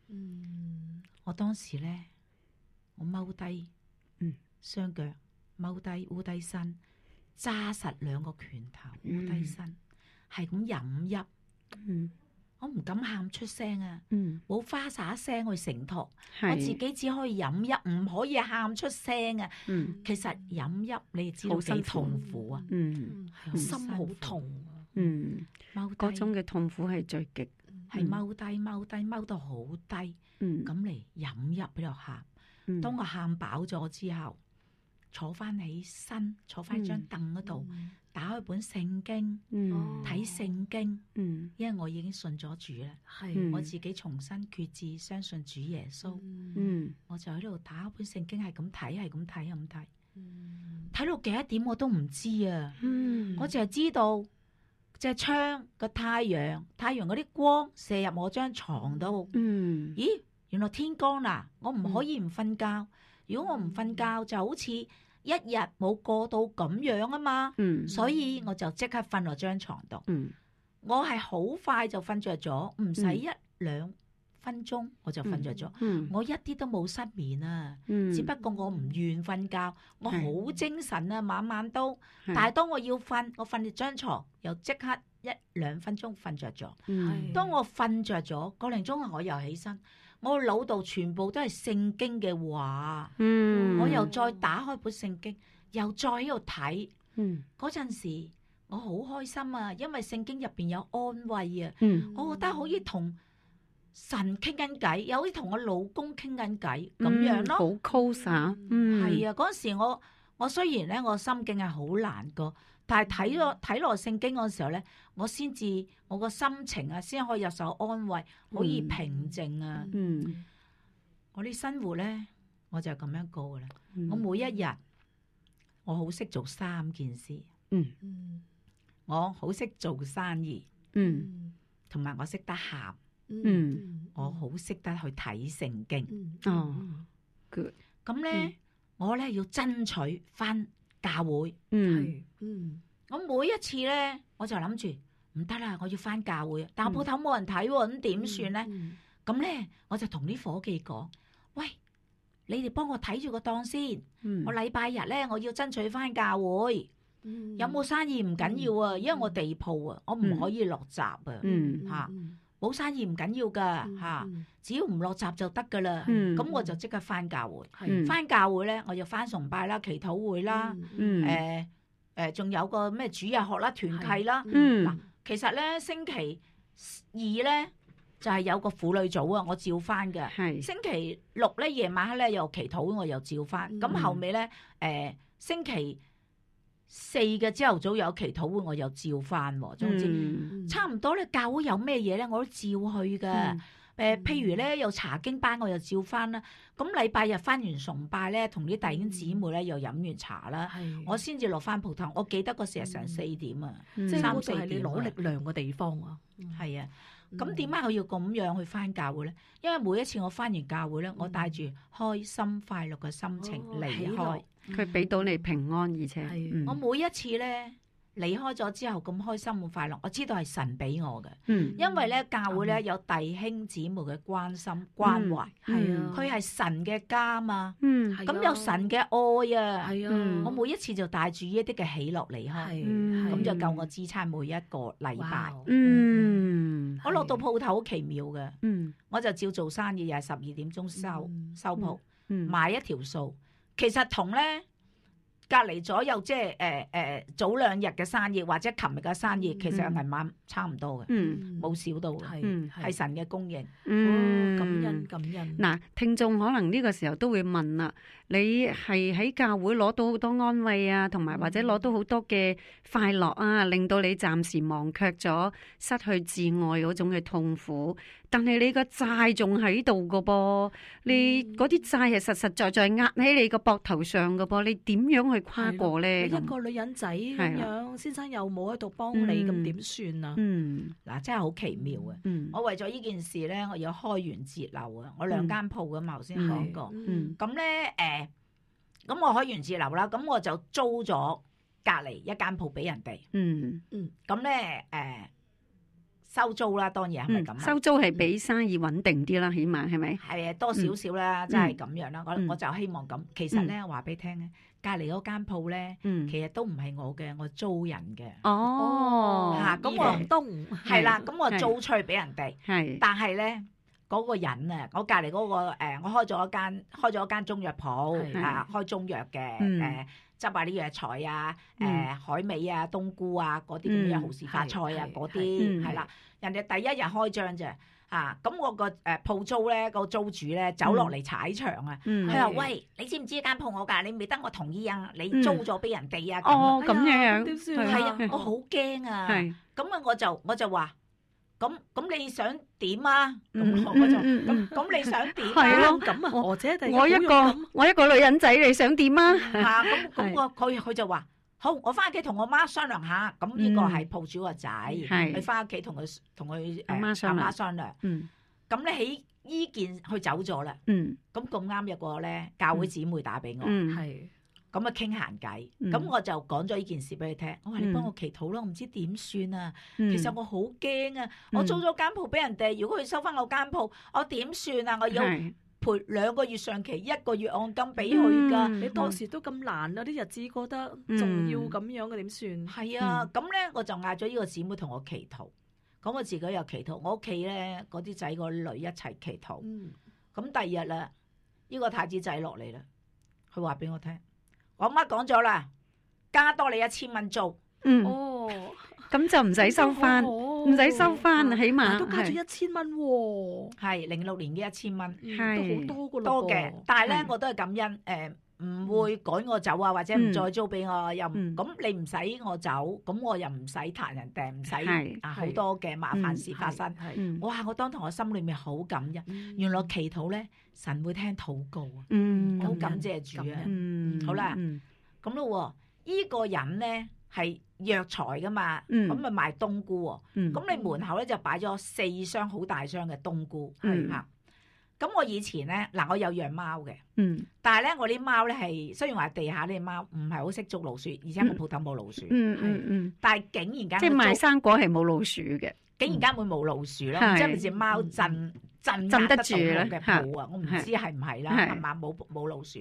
嗯，我當時咧，我踎低，嗯，雙腳踎低，烏低身，揸實兩個拳頭，烏低身，係咁、嗯、飲泣。嗯。我唔敢喊出聲啊！冇花灑聲去承托，我自己只可以飲泣，唔可以喊出聲啊！其實飲泣你哋知好幾痛苦啊！嗯，心好痛。嗯，嗰種嘅痛苦係最極。係踎低踎低踎到好低，咁嚟飲泣喺度喊。當我喊飽咗之後，坐翻起身，坐翻張凳嗰度。打開本聖經，睇聖、嗯、經，嗯、因為我已經信咗主啦。係是、嗯、我自己重新決志，相信主耶穌。嗯，我就喺度打開本聖經，係咁睇，係咁睇，咁睇，睇、嗯、到幾多點我都唔知啊。嗯、我淨係知道，即、就是、窗個太陽，太陽嗰啲光射入我張床度。嗯、咦，原來天光啦！我唔可以唔瞓覺。如果我唔瞓覺，就好似。一日冇過到咁樣啊嘛，嗯、所以我就即刻瞓落張床度。嗯、我係好快就瞓着咗，唔使一兩分鐘我就瞓着咗。嗯、我一啲都冇失眠啊，嗯、只不過我唔願瞓覺，我好精神啊，晚晚都。是但係當我要瞓，我瞓住張床又即刻一兩分鐘瞓着咗。嗯嗯、當我瞓着咗個零鐘，我又起身。我腦度全部都係聖經嘅話，嗯、我又再打開本聖經，又再喺度睇。嗰陣、嗯、時我好開心啊，因為聖經入邊有安慰啊，嗯、我覺得好似同神傾緊偈，又好似同我老公傾緊偈，咁樣咯。好 close、嗯、啊！係、嗯、啊，嗰陣時我我雖然咧，我心境係好難過。但係睇落睇落聖經嗰時候咧，我先至我個心情啊，先可以入手安慰，可以平靜啊嗯。嗯，我啲生活咧，我就咁樣過噶啦。嗯，我每一日，我好識做三件事。嗯，我好識做生意。嗯，同埋我識得喊。嗯，我好識得去睇聖經。哦，good。咁咧，我咧要爭取翻。會嗯、教會，嗯，咁嗯，嗯，我每一次咧，我就諗住唔得啦，我要翻教會，但係鋪頭冇人睇，咁點算咧？咁咧，我就同啲伙計講，喂，你哋幫我睇住個檔先，嗯、我禮拜日咧，我要爭取翻教會，嗯、有冇生意唔、嗯、緊要啊，因為我地鋪啊，我唔可以落閘啊，吓、嗯。嗯嗯嗯嗯冇生意唔緊要噶，嚇、嗯啊，只要唔落閘就得噶啦。咁、嗯、我就即刻翻教會，翻、嗯、教會咧，我就翻崇拜啦、祈禱會啦，誒誒、嗯，仲、呃呃、有個咩主日學啦、團契啦。嗱、嗯啊，其實咧，星期二咧就係、是、有個婦女組啊，我照翻嘅。是星期六咧夜晚黑咧又祈禱，我又照翻。咁、嗯、後尾咧誒星期四個朝頭早有祈禱會，我又照翻。總之，嗯、差唔多咧，教會有咩嘢咧，我都照去嘅。誒、嗯呃，譬如咧，有查經班，我又照翻啦。咁禮拜日翻完崇拜咧，同啲弟兄姊妹咧、嗯、又飲完茶啦，是我先至落翻舖頭。我記得個時係四點啊，即係三四點。攞力量嘅地方喎，係啊。咁點解我要咁樣去翻教會咧？因為每一次我翻完教會咧，嗯、我帶住開心快樂嘅心情離開。哦佢俾到你平安，而且我每一次咧離開咗之後咁開心咁快樂，我知道係神俾我嘅。因為咧教會咧有弟兄姊妹嘅關心關懷，係啊，佢係神嘅家啊嘛，咁有神嘅愛啊，我每一次就帶住一啲嘅喜樂離開，咁就夠我支撐每一個禮拜。嗯，我落到鋪頭好奇妙嘅，我就照做生意，又係十二點鐘收收鋪，埋一條數。其實同咧隔離左右，即係，即係誒誒早兩日嘅生意，或者琴日嘅生意，其實係唔同。嗯差唔多嘅，冇少、嗯、到，係是神嘅供應，感恩感恩。嗱，聽眾可能呢個時候都會問啦，你係喺教會攞到好多安慰啊，同埋或者攞到好多嘅快樂啊，令到你暫時忘卻咗失去摯愛嗰種嘅痛苦。但係你個債仲喺度嘅噃，你嗰啲債係實實在在壓喺你個膊頭上嘅噃，你點樣去跨過咧？了麼你一個女人仔咁樣，了先生又冇喺度幫你，咁點算啊？嗯，嗱，真係好奇妙嘅。嗯、我為咗呢件事咧，我要開源節流啊。嗯、我兩間鋪噶嘛，頭先講過。咁咧，誒、嗯，咁、呃、我開源節流啦。咁我就租咗隔籬一間鋪俾人哋。嗯嗯。咁咧，誒、呃，收租啦，當然係咪咁？收租係比生意穩定啲啦，起碼係咪？係啊，多少少啦，真係咁樣啦。嗯、我我就希望咁。其實咧，話俾你聽啊。隔離嗰間鋪咧，其實都唔係我嘅，我租人嘅。哦，嚇！咁我東係啦，咁我租出去俾人哋。係，但係咧，嗰個人啊，我隔離嗰個誒，我開咗間開咗間中藥鋪啊，開中藥嘅誒，執下啲藥材啊，誒海味啊，冬菇啊，嗰啲咁嘅蠔豉、發菜啊，嗰啲係啦，人哋第一日開張啫。啊！咁我個誒鋪租咧，個租主咧走落嚟踩場啊！佢話喂，你知唔知間鋪我噶？你未得我同意啊！你租咗俾人哋啊？哦，咁樣點算係啊！我好驚啊！係咁啊！我就我就話，咁咁你想點啊？咁咁咁你想點啊？咁啊？或者第我一個我一個女人仔你想點啊？啊！咁咁我佢佢就話。好，我翻屋企同我媽商量下，咁呢個係鋪主個仔，佢翻屋企同佢同佢阿媽商量。咁咧喺呢件佢走咗啦。咁咁啱有個咧，教會姊妹打俾我，咁啊傾閒偈。咁、嗯天嗯、我就講咗呢件事俾佢聽，我話你幫我祈禱囉，我唔知點算啊。嗯、其實我好驚啊，我租咗間鋪俾人哋，嗯、如果佢收翻我間鋪，我點算啊？我要是。嗯賠兩個月上期，一個月按金俾佢噶。嗯啊、你當時都咁難啦、啊，啲、嗯、日子過得仲要咁樣嘅點算？係啊，咁咧、嗯、我就嗌咗呢個姊妹同我祈禱，咁我自己又祈禱，我屋企咧嗰啲仔個女一齊祈禱。咁、嗯、第二日啦，呢、呢個太子仔落嚟啦，佢話俾我聽，我媽講咗啦，加多你一千蚊租。嗯，哦，咁就唔使收返。唔使收返啊，起碼都加咗一千蚊喎。係零六年嘅一千蚊，都好多㗎喇。多嘅，但係咧，我都係感恩，誒唔會趕我走啊，或者唔再租俾我，又咁你唔使我走，咁我又唔使彈人哋，唔使啊好多嘅麻煩事發生。哇！我當堂我心裏面好感恩，原來祈禱咧，神會聽禱告啊！好感謝主啊！好啦，咁咯喎，依個人咧。係藥材噶嘛，咁咪賣冬菇，咁你門口咧就擺咗四箱好大箱嘅冬菇，吓。咁我以前咧，嗱我有養貓嘅，但係咧我啲貓咧係雖然話地下啲貓唔係好識捉老鼠，而且個鋪頭冇老鼠，嗯嗯嗯，但係竟然間即係賣生果係冇老鼠嘅，竟然間會冇老鼠囉，即係隻貓鎮震，鎮得住咧嘅鋪啊，我唔知係唔係啦，係嘛冇冇老鼠，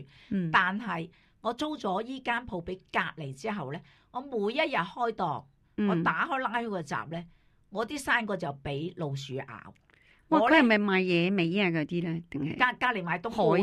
但係。我租咗依間鋪俾隔籬之後咧，我每一日開檔，我打開拉開個閘咧，我啲生果就俾老鼠咬。哇！佢係咪賣野味啊？嗰啲咧定係隔隔籬賣冬菇海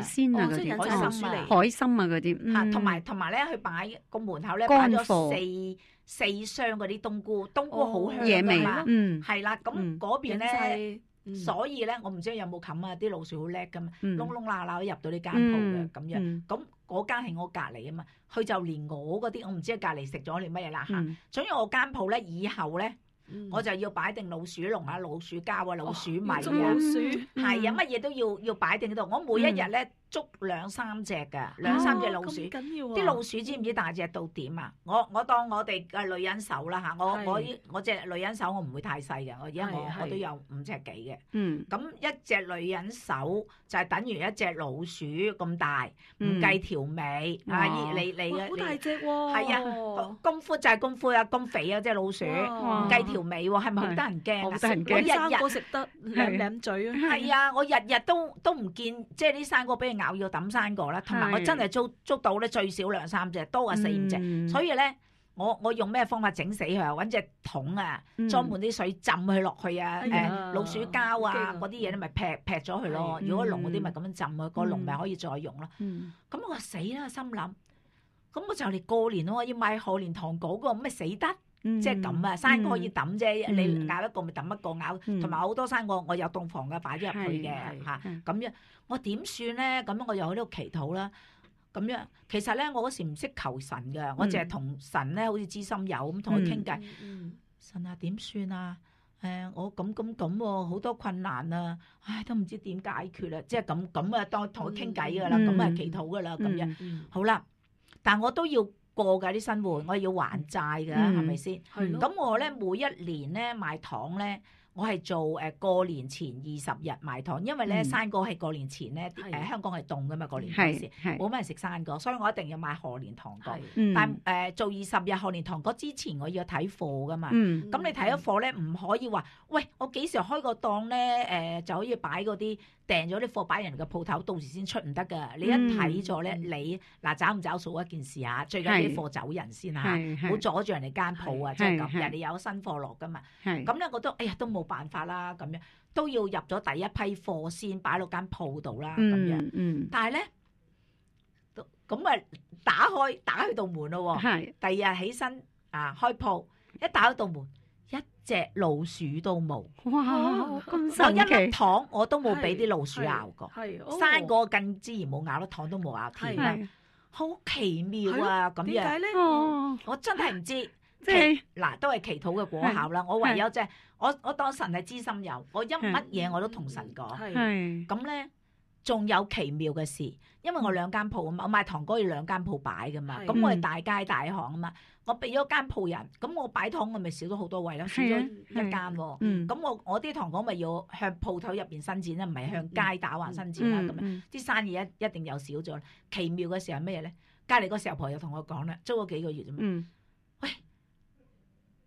鮮啊？海參啊，海參啊嗰啲。同埋同埋咧，佢擺個門口咧擺咗四四箱嗰啲冬菇，冬菇好香，野味啊！嗯，係啦，咁嗰邊咧，所以咧，我唔知有冇冚啊？啲老鼠好叻噶嘛，窿窿罅罅入到呢間鋪嘅咁樣咁。嗰間係我隔離啊嘛，佢就連我嗰啲，我唔知佢隔離食咗你乜嘢啦嚇。所以我間鋪咧以後咧，嗯、我就要擺定老鼠籠啊、老鼠膠啊、哦、老鼠米啊，係啊、嗯，乜嘢都要要擺定喺度。我每一日咧。嗯捉兩三隻嘅，兩三隻老鼠，緊要，啲老鼠知唔知大隻到點啊？我我當我哋嘅女人手啦嚇，我我我隻女人手我唔會太細嘅，我而家我我都有五尺幾嘅。咁一隻女人手就係等於一隻老鼠咁大，唔計條尾阿，你你，好大隻喎！係啊，功夫就係功夫啊，咁肥啊！隻老鼠唔計條尾喎，係咪好得人驚啊？我啲生果食得兩兩嘴啊！係啊，我日日都都唔見，即係呢生果俾人咬要抌生果啦，同埋我真係捉捉到咧最少兩三隻，多啊四五隻。所以咧，我我用咩方法整死佢？揾隻桶啊，裝滿啲水浸佢落去啊，誒老鼠膠啊，嗰啲嘢咧，咪劈劈咗佢咯。如果籠嗰啲咪咁樣浸佢，個籠咪可以再用咯。咁我死啦心諗，咁我就嚟過年咯，要買賀年糖果噶，咁咪死得。即係咁啊！生果 可以抌啫，嗯、你咬一個咪抌一個咬一個，同埋好多生果，我有洞房嘅擺咗入去嘅吓，咁樣我點算咧？咁我又喺度祈禱啦，咁樣其實咧我嗰時唔識求神噶，我淨係同神咧好似知心友咁同佢傾偈。嗯嗯嗯、神啊，點算啊？誒、欸，我咁咁咁喎，好多困難啊！唉，都唔知點解決啦。即係咁咁啊，當同佢傾偈噶啦，咁啊祈禱噶啦，咁樣好啦。但我都要。過㗎啲生活，我要還債㗎，係咪先？咁吧咯我咧每一年咧賣糖咧，我係做誒、呃、過年前二十日賣糖，因為咧生、嗯、果係過年前咧誒是、呃、香港係凍㗎嘛，過年嗰時冇乜人食生果，所以我一定要買賀年糖果。嗯、但誒、呃、做二十日賀年糖果之前，我要睇貨㗎嘛。咁、嗯嗯、你睇咗貨咧，唔可以話，喂，我幾時開個檔咧？誒、呃、就可以擺嗰啲。訂咗啲貨擺人嘅鋪頭，到時先出唔得㗎。你一睇咗咧，嗯、你嗱、啊、找唔找數一件事嚇、啊。最緊啲貨走人先嚇，唔好阻住人哋間鋪啊。即係咁，人哋、啊、有新貨落噶嘛。咁咧，我都哎呀都冇辦法啦。咁樣都要入咗第一批貨先擺到間鋪度啦。咁樣，嗯嗯、但係咧，咁啊打開打開道門咯喎、啊。是第二日起身啊，開鋪一打開道門，一隻老鼠都冇，哇！咁神奇，我一粒糖我都冇俾啲老鼠咬過，生果更之然冇咬，粒糖都冇咬，添，好奇妙啊！咁樣點解咧？我真係唔知，即係嗱，都係祈禱嘅果效啦。我唯有即係我，我當神係知心友，我因乜嘢我都同神講，咁咧仲有奇妙嘅事，因為我兩間鋪啊嘛，我賣糖果要兩間鋪擺噶嘛，咁我哋大街大巷啊嘛。我畀咗間鋪人，咁我擺糖，我咪少咗好多位咯，少咗一間喎。咁我我啲糖果咪要向鋪頭入邊伸展啦，唔係向街打橫伸展啦。咁啊，啲生意一一定又少咗。奇妙嘅事係咩咧？隔離個師阿婆又同我講啦，租咗幾個月啫嘛。喂，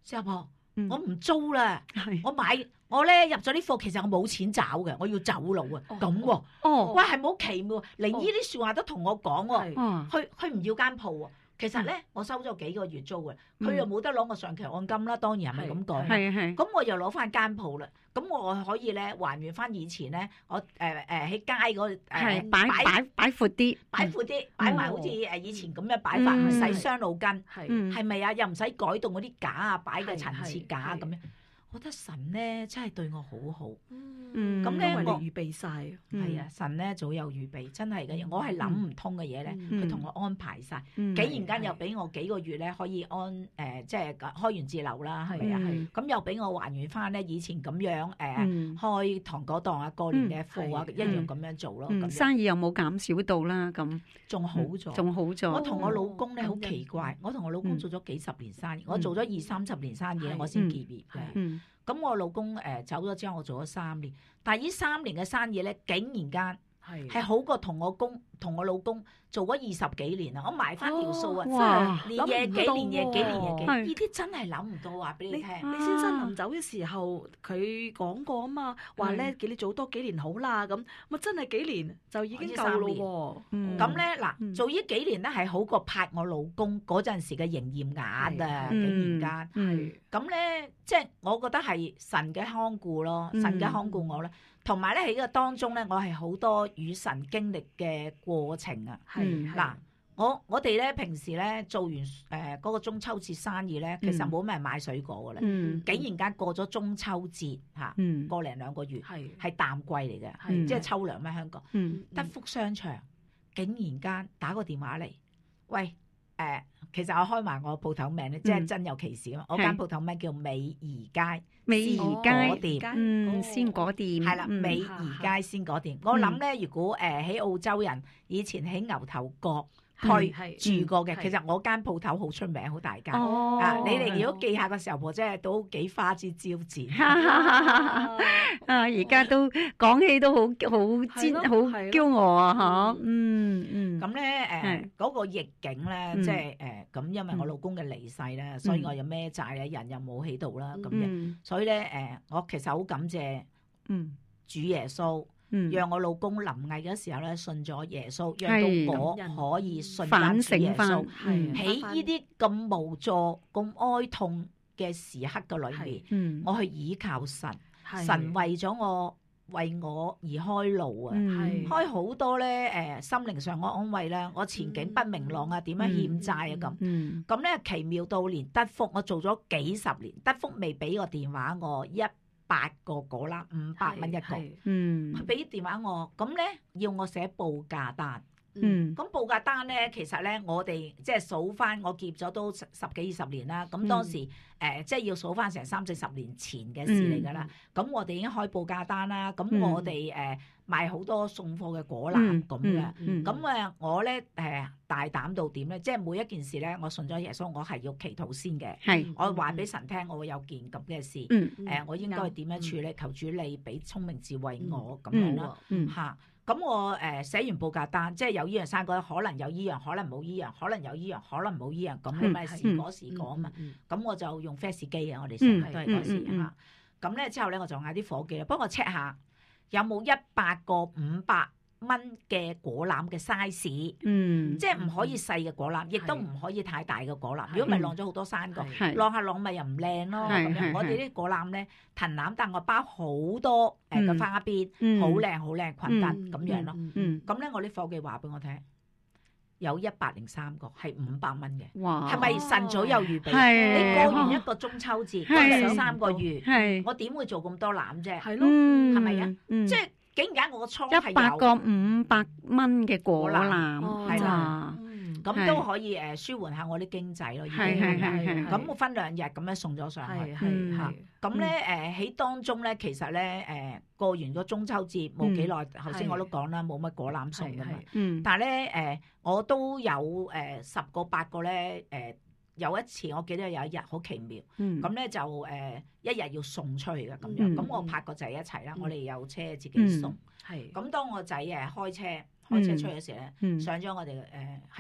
師阿婆，我唔租啦，我買我咧入咗啲貨，其實我冇錢找嘅，我要走路啊。咁喎，哇，係冇奇妙喎！連呢啲説話都同我講喎，佢佢唔要間鋪喎。其實咧，我收咗幾個月租嘅，佢又冇得攞我上期按金啦。當然係咪咁講？係啊係。咁、嗯、我又攞翻間鋪啦，咁我可以咧還原翻以前咧，我誒誒喺街嗰度誒擺擺擺闊啲，擺闊啲，擺埋好似誒以前咁樣擺法，唔使傷腦筋，係咪啊？又唔使改動嗰啲架啊，擺嘅層次架咁樣。覺得神咧真係對我好好，咁咧我預備晒，係啊，神咧早有預備，真係嘅。我係諗唔通嘅嘢咧，佢同我安排晒。幾然間又俾我幾個月咧可以安誒，即係開源節流啦，係啊？咁又俾我還原翻咧以前咁樣誒開糖果檔啊，過年嘅貨啊一樣咁樣做咯。生意有冇減少到啦？咁仲好咗，仲好咗。我同我老公咧好奇怪，我同我老公做咗幾十年生意，我做咗二三十年生意，我先結業嘅。咁、嗯、我老公誒、呃、走咗之後，我做咗三年，但係呢三年嘅生意咧，竟然間。係，係好過同我公、同我老公做咗二十幾年啦。我埋翻條數啊，真係年嘢幾年，年幾年，幾年。呢啲真係諗唔到，話俾你聽。李先生臨走嘅時候，佢講過啊嘛，話咧叫你做多幾年好啦，咁咪真係幾年就已經夠咯。咁咧嗱，做呢幾年咧係好過拍我老公嗰陣時嘅營業額啊，幾年間。咁咧，即係我覺得係神嘅看顧咯，神嘅看顧我咧。同埋咧喺呢個當中咧，我係好多與神經歷嘅過程啊！嗱，我我哋咧平時咧做完誒嗰個中秋節生意咧，其實冇咩人買水果嘅啦。竟然間過咗中秋節嚇，個零兩個月係淡季嚟嘅，即係秋涼咩香港？德福商場竟然間打個電話嚟，喂！誒，其實我開埋我鋪頭名咧，即係真有其事啊！我間鋪頭名叫美宜佳，美宜佳店，鮮果店，係啦，美宜佳鮮果店。我諗咧，如果誒喺澳洲人，以前喺牛頭角。去住過嘅，其實我間鋪頭好出名，好大間。啊，你哋如果記下個時候，我真係都幾花枝招展。啊，而家都講起都好好驕好驕傲啊！嗬，嗯嗯。咁咧誒，嗰個逆境咧，即係誒咁，因為我老公嘅離世咧，所以我又孭債啊，人又冇喺度啦咁樣。所以咧誒，我其實好感謝主耶穌。嗯、讓我老公臨危嘅時候咧信咗耶穌，讓到我可以信得住耶穌。喺呢啲咁無助、咁的哀痛嘅時刻嘅裏面，嗯、我去倚靠神，的神為咗我、為我而開路啊！的開好多咧，誒、呃、心靈上嘅安慰啦，我前景不明朗啊，點樣欠債啊咁？咁咧、嗯嗯、奇妙到連德福，我做咗幾十年，德福未俾個電話我一。八個果啦，五百蚊一個，是是，嗯，佢俾電話我，咁咧要我寫報價單，嗯，咁報價單咧其實咧我哋即係數翻我結咗都十幾二十年啦，咁當時誒、嗯呃、即係要數翻成三四十年前嘅事嚟㗎啦，咁、嗯、我哋已經開報價單啦，咁我哋誒。嗯呃賣好多送貨嘅果籃咁嘅，咁啊我咧、誒，大膽到點咧？即係每一件事咧，我信咗耶穌，我係要祈禱先嘅。係，我話俾神聽，我會有件咁嘅事，誒，我應該點樣處理？求主你俾聰明智慧我咁樣啦。吓，咁我誒寫完報價單，即係有呢樣生果可能有呢樣，可能冇呢樣，可能有呢樣，可能冇呢樣，咁咪咩果時果啊嘛。咁我就用 f a s h 機啊，我哋上嗰時吓。咁咧之後咧，我就嗌啲夥計幫我 check 下。有冇一百個五百蚊嘅果籃嘅 size？嗯，即係唔可以細嘅果籃，亦都唔可以太大嘅果籃。如果唔係晾咗好多山過，晾下晾咪又唔靚咯。咁樣我哋啲果籃咧,藤籃，但我包好多誒嘅花邊，好靚好靚裙帶咁樣咯。咁咧，我啲伙記話俾我聽，有一百零三個，係五百蚊嘅，係咪晨早有預備？是你過完一個中秋節，過完是三個月，是我點會做咁多籃啫？係咯，係咪啊？嗯、即係竟然我個倉係有一百個五百蚊嘅果籃㗎？咁都可以誒舒緩下我啲經濟咯，已經咁我分兩日咁樣送咗上去嚇。咁咧誒喺當中咧，其實咧誒過完咗中秋節冇幾耐，頭先我都講啦，冇乜果籃送噶嘛。但係咧誒我都有誒十個八個咧誒，有一次我記得有一日好奇妙，咁咧就誒一日要送出去嘅咁樣。咁我拍個仔一齊啦，我哋有車自己送。係。咁當我仔誒開車。開車出去嘅時候咧，上咗我哋誒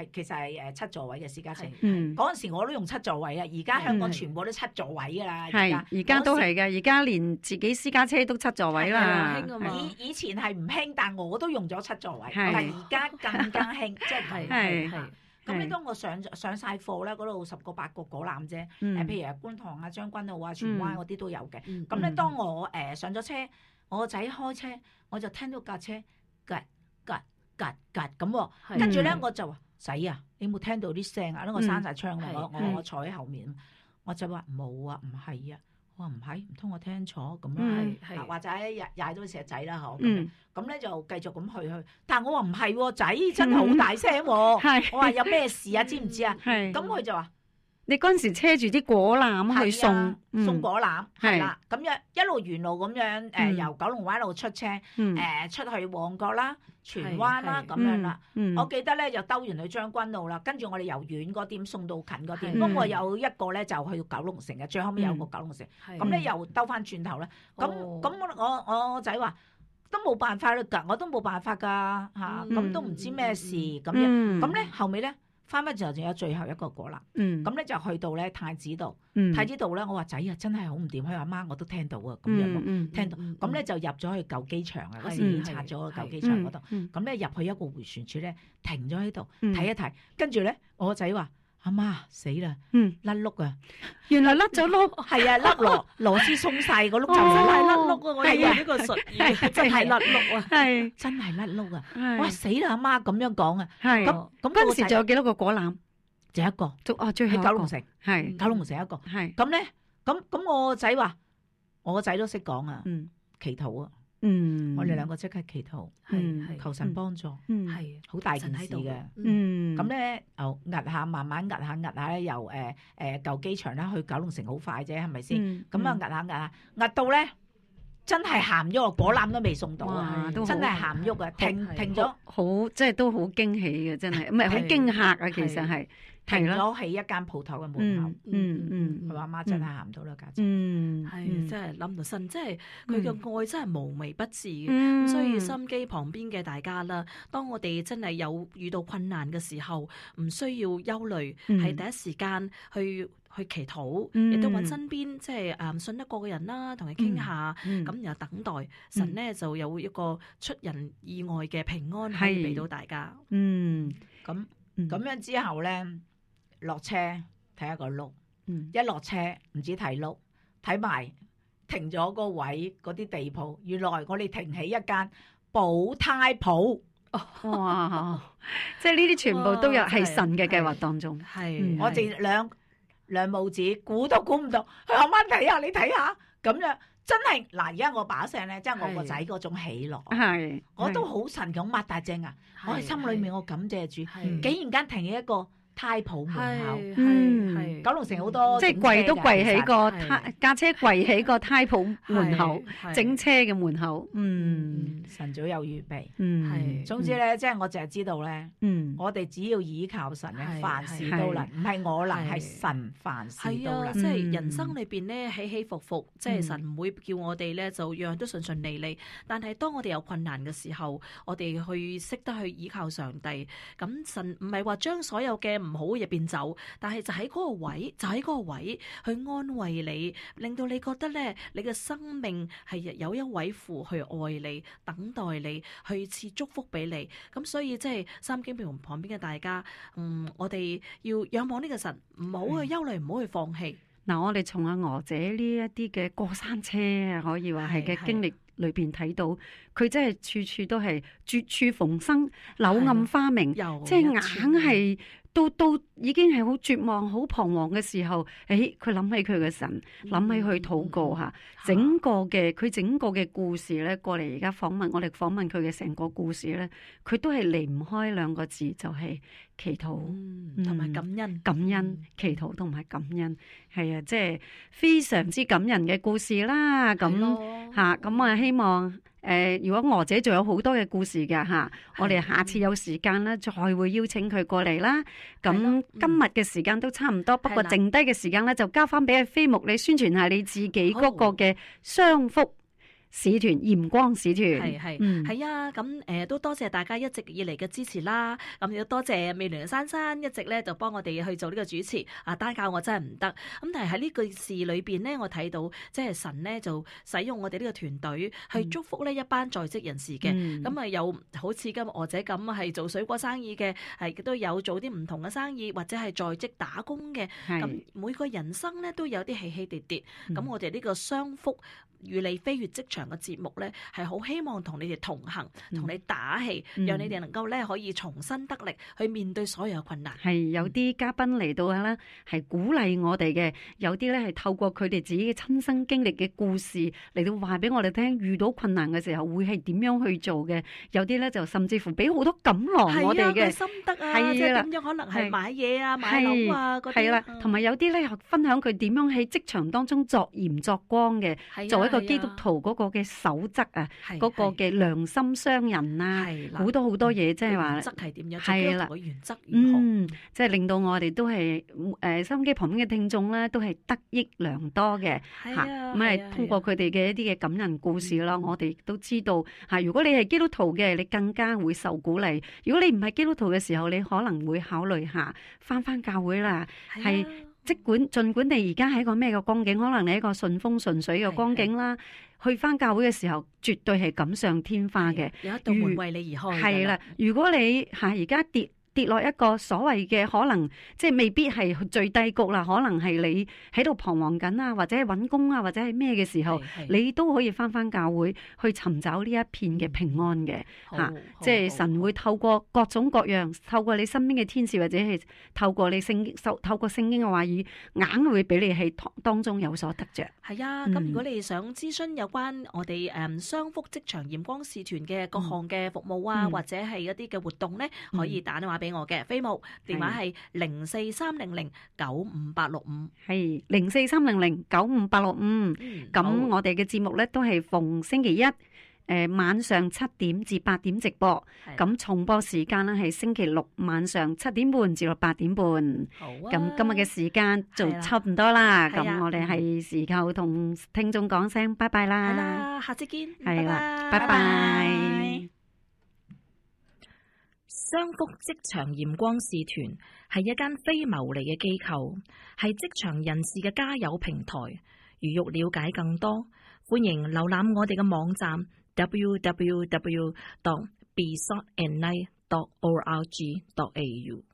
係其實係誒七座位嘅私家車。嗰陣時我都用七座位啦，而家香港全部都七座位噶啦。而家都係嘅，而家連自己私家車都七座位啦。以以前係唔興，但我都用咗七座位，但係而家更加興，即係咁興，咁你當我上上曬貨咧，嗰度十個八個果籃啫。譬如誒觀塘啊、將軍澳啊、荃灣嗰啲都有嘅。咁咧，當我誒上咗車，我個仔開車，我就聽到架車嘅。格格咁，跟住咧我就話仔啊，你有冇聽到啲聲啊？等我閂晒窗㗎，我我坐喺後面，我就話冇啊，唔係啊，我話唔係，唔通我聽錯咁咯？係，或者踩踩到石仔啦嗬？咁咧就繼續咁去去，但係我話唔係喎，仔真係好大聲喎，我話有咩事啊？知唔知啊？咁佢就話。你嗰陣時車住啲果籃去送，送果籃係啦，咁樣一路沿路咁樣誒，由九龍灣路出車，誒出去旺角啦、荃灣啦咁樣啦。我記得咧就兜完去將軍路將軍澳啦，跟住我哋由遠嗰啲送到近嗰啲。咁我有一個咧就去到九龍城嘅，最後尾有個九龍城。咁咧又兜翻轉頭咧，咁咁我我我仔話都冇辦法㗎，我都冇辦法㗎嚇，咁都唔知咩事咁樣，咁咧後尾咧。翻翻就仲有最後一個果啦，咁咧就去到咧太子度，太子度咧我話仔啊，真係好唔掂。佢話媽，我都聽到啊，咁樣聽到，咁咧就入咗去舊機場啊，嗰時已經拆咗個舊機場嗰度，咁咧入去一個回旋處咧停咗喺度睇一睇，跟住咧我個仔話。阿媽死啦！嗯，甩碌啊！原來甩咗碌，係啊，甩落螺絲鬆晒，個碌就係甩碌啊！我用呢個術語真係甩碌啊！係真係甩碌啊！哇死啦！阿媽咁樣講啊！係咁咁嗰陣時仲有幾多個果欄？就一個，最哦最後九龍城係九龍城一個係。咁咧咁咁我個仔話，我個仔都識講啊！祈禱啊！嗯，我哋兩個即刻祈禱，係求神幫助，係好大件事嘅。嗯，咁咧，哦壓下，慢慢壓下，壓下咧，由誒誒舊機場啦，去九龍城好快啫，係咪先？咁啊壓下壓下，壓到咧真係行唔喐，果籃都未送到啊，都真係行唔喐啊，停停咗，好即係都好驚喜嘅，真係唔係好驚嚇啊，其實係。停咗喺一間鋪頭嘅門口，嗯嗯嗯，我媽真係喊到啦，家姐，嗯，係真係諗到神，即係佢嘅愛真係無微不至。所以心機旁邊嘅大家啦。當我哋真係有遇到困難嘅時候，唔需要憂慮，係第一時間去去祈禱，亦都揾身邊即係誒信得過嘅人啦，同佢傾下，咁然後等待神咧就有一個出人意外嘅平安，係俾到大家，嗯，咁咁樣之後咧。落車睇下個碌，一落車唔知睇碌，睇埋停咗個位嗰啲地鋪。原來我哋停起一間補胎鋪，哇！即係呢啲全部都有係神嘅計劃當中。係我淨兩兩母子估都估唔到，去後晚睇下你睇下，咁樣真係嗱。而家我把聲咧，即係我個仔嗰種喜樂，我都好神咁擘大隻眼。我喺心裏面我感謝主，竟然間停起一個。泰普門口，嗯，九龍城好多，即係跪都跪喺個泰架車跪喺個泰普門口，整車嘅門口，嗯，神早有預備，嗯，係，總之咧，即係我淨係知道咧，嗯，我哋只要依靠神嘅，凡事都能，唔係我能，係神凡事都能，即係人生裏邊咧起起伏伏，即係神唔會叫我哋咧就樣樣都順順利利，但係當我哋有困難嘅時候，我哋去識得去依靠上帝，咁神唔係話將所有嘅。唔好入邊走，但係就喺嗰個位，就喺嗰個位去安慰你，令到你覺得咧，你嘅生命係有一位父去愛你，等待你去賜祝福俾你。咁所以即係三經陪同旁邊嘅大家，嗯，我哋要仰望呢個神，唔好去憂慮，唔好的去放棄。嗱，我哋從阿娥姐呢一啲嘅過山車啊，可以話係嘅經歷裏邊睇到，佢真係處處都係絕處逢生，柳暗花明，又即係硬係。到到已經係好絕望、好彷徨嘅時候，誒，佢諗起佢嘅神，諗起去禱告吓，嗯、整個嘅佢整個嘅故事咧，過嚟而家訪問我哋訪問佢嘅成個故事咧，佢都係離唔開兩個字，就係、是、祈禱同埋、嗯、感恩，感恩祈禱同埋感恩，係、嗯、啊，即、就、係、是、非常之感人嘅故事啦，咁吓，咁啊希望。誒、呃，如果娥姐仲有好多嘅故事㗎吓，的我哋下次有時間咧，再會邀請佢過嚟啦。咁的今日嘅時間都差唔多，的不過剩低嘅時間咧，的就交翻俾阿飛牧，你宣傳下你自己嗰個嘅商福。使團鹽光使團，係係係啊，咁誒都多謝大家一直以嚟嘅支持啦，咁要多謝妙玲珊珊一直咧就幫我哋去做呢個主持啊，擔教我真係唔得咁，但係喺呢句事裏邊咧我睇到即係神咧就使用我哋呢個團隊去祝福呢一班在職人士嘅，咁啊有好似今日娥姐咁係做水果生意嘅，係都有做啲唔同嘅生意或者係在職打工嘅，咁每個人生咧都有啲起起跌跌，咁我哋呢個商福與你飛越職場嘅節目咧係好希望同你哋同行，同你打氣，嗯、讓你哋能夠咧可以重新得力去面對所有嘅困難。係有啲嘉賓嚟到嘅咧係鼓勵我哋嘅，有啲咧係透過佢哋自己嘅親身經歷嘅故事嚟到話俾我哋聽，遇到困難嘅時候會係點樣去做嘅。有啲咧就甚至乎俾好多錦囊我哋嘅，啊、心得啊，啊即係噉樣可能係買嘢啊，啊買樓啊係啦，同埋，啊些啊、有啲咧分享佢點樣喺職場當中作鹽作光嘅。作為，啊、一個基督徒嗰，嗰個。嘅守則啊，嗰個嘅良心商人啊，好多好多嘢，即係話原則係點樣？係啦，原則嗯，即係令到我哋都係誒，收音機旁邊嘅聽眾咧，都係得益良多嘅吓。咁係通過佢哋嘅一啲嘅感人故事咯，我哋都知道吓。如果你係基督徒嘅，你更加會受鼓勵；如果你唔係基督徒嘅時候，你可能會考慮下返返教會啦。係，盡管盡管你而家喺個咩嘅光景，可能你一個順風順水嘅光景啦。去返教會嘅時候，絕對係錦上添花嘅，有一道門為你而開。係啦，如果你嚇而家跌跌落一個所謂嘅可能，即係未必係最低谷啦。可能係你喺度彷徨緊啊，或者係揾工啊，或者係咩嘅時候，是是你都可以翻翻教會去尋找呢一片嘅平安嘅，吓，即係神會透過各種各樣，透過你身邊嘅天使或者係透過你聖經，透過聖經嘅話語，硬會俾你喺當中有所得着，係啊，咁、嗯、如果你想諮詢有關我哋誒商福職場鹽光使團嘅各項嘅服務啊，嗯、或者係一啲嘅活動咧，可以打電話。俾我嘅飛牧電話係零四三零零九五八六五，係零四三零零九五八六五。咁我哋嘅節目咧都係逢星期一誒晚上七點至八點直播，咁重播時間咧係星期六晚上七點半至到八點半。好啊。咁今日嘅時間就差唔多啦。咁我哋係時候同聽眾講聲拜拜啦，下次見，係啦，拜拜。商福職場鹽光使團係一間非牟利嘅機構，係職場人士嘅加油平台。如欲了解更多，歡迎瀏覽我哋嘅網站 www.bsaltandlight.org.au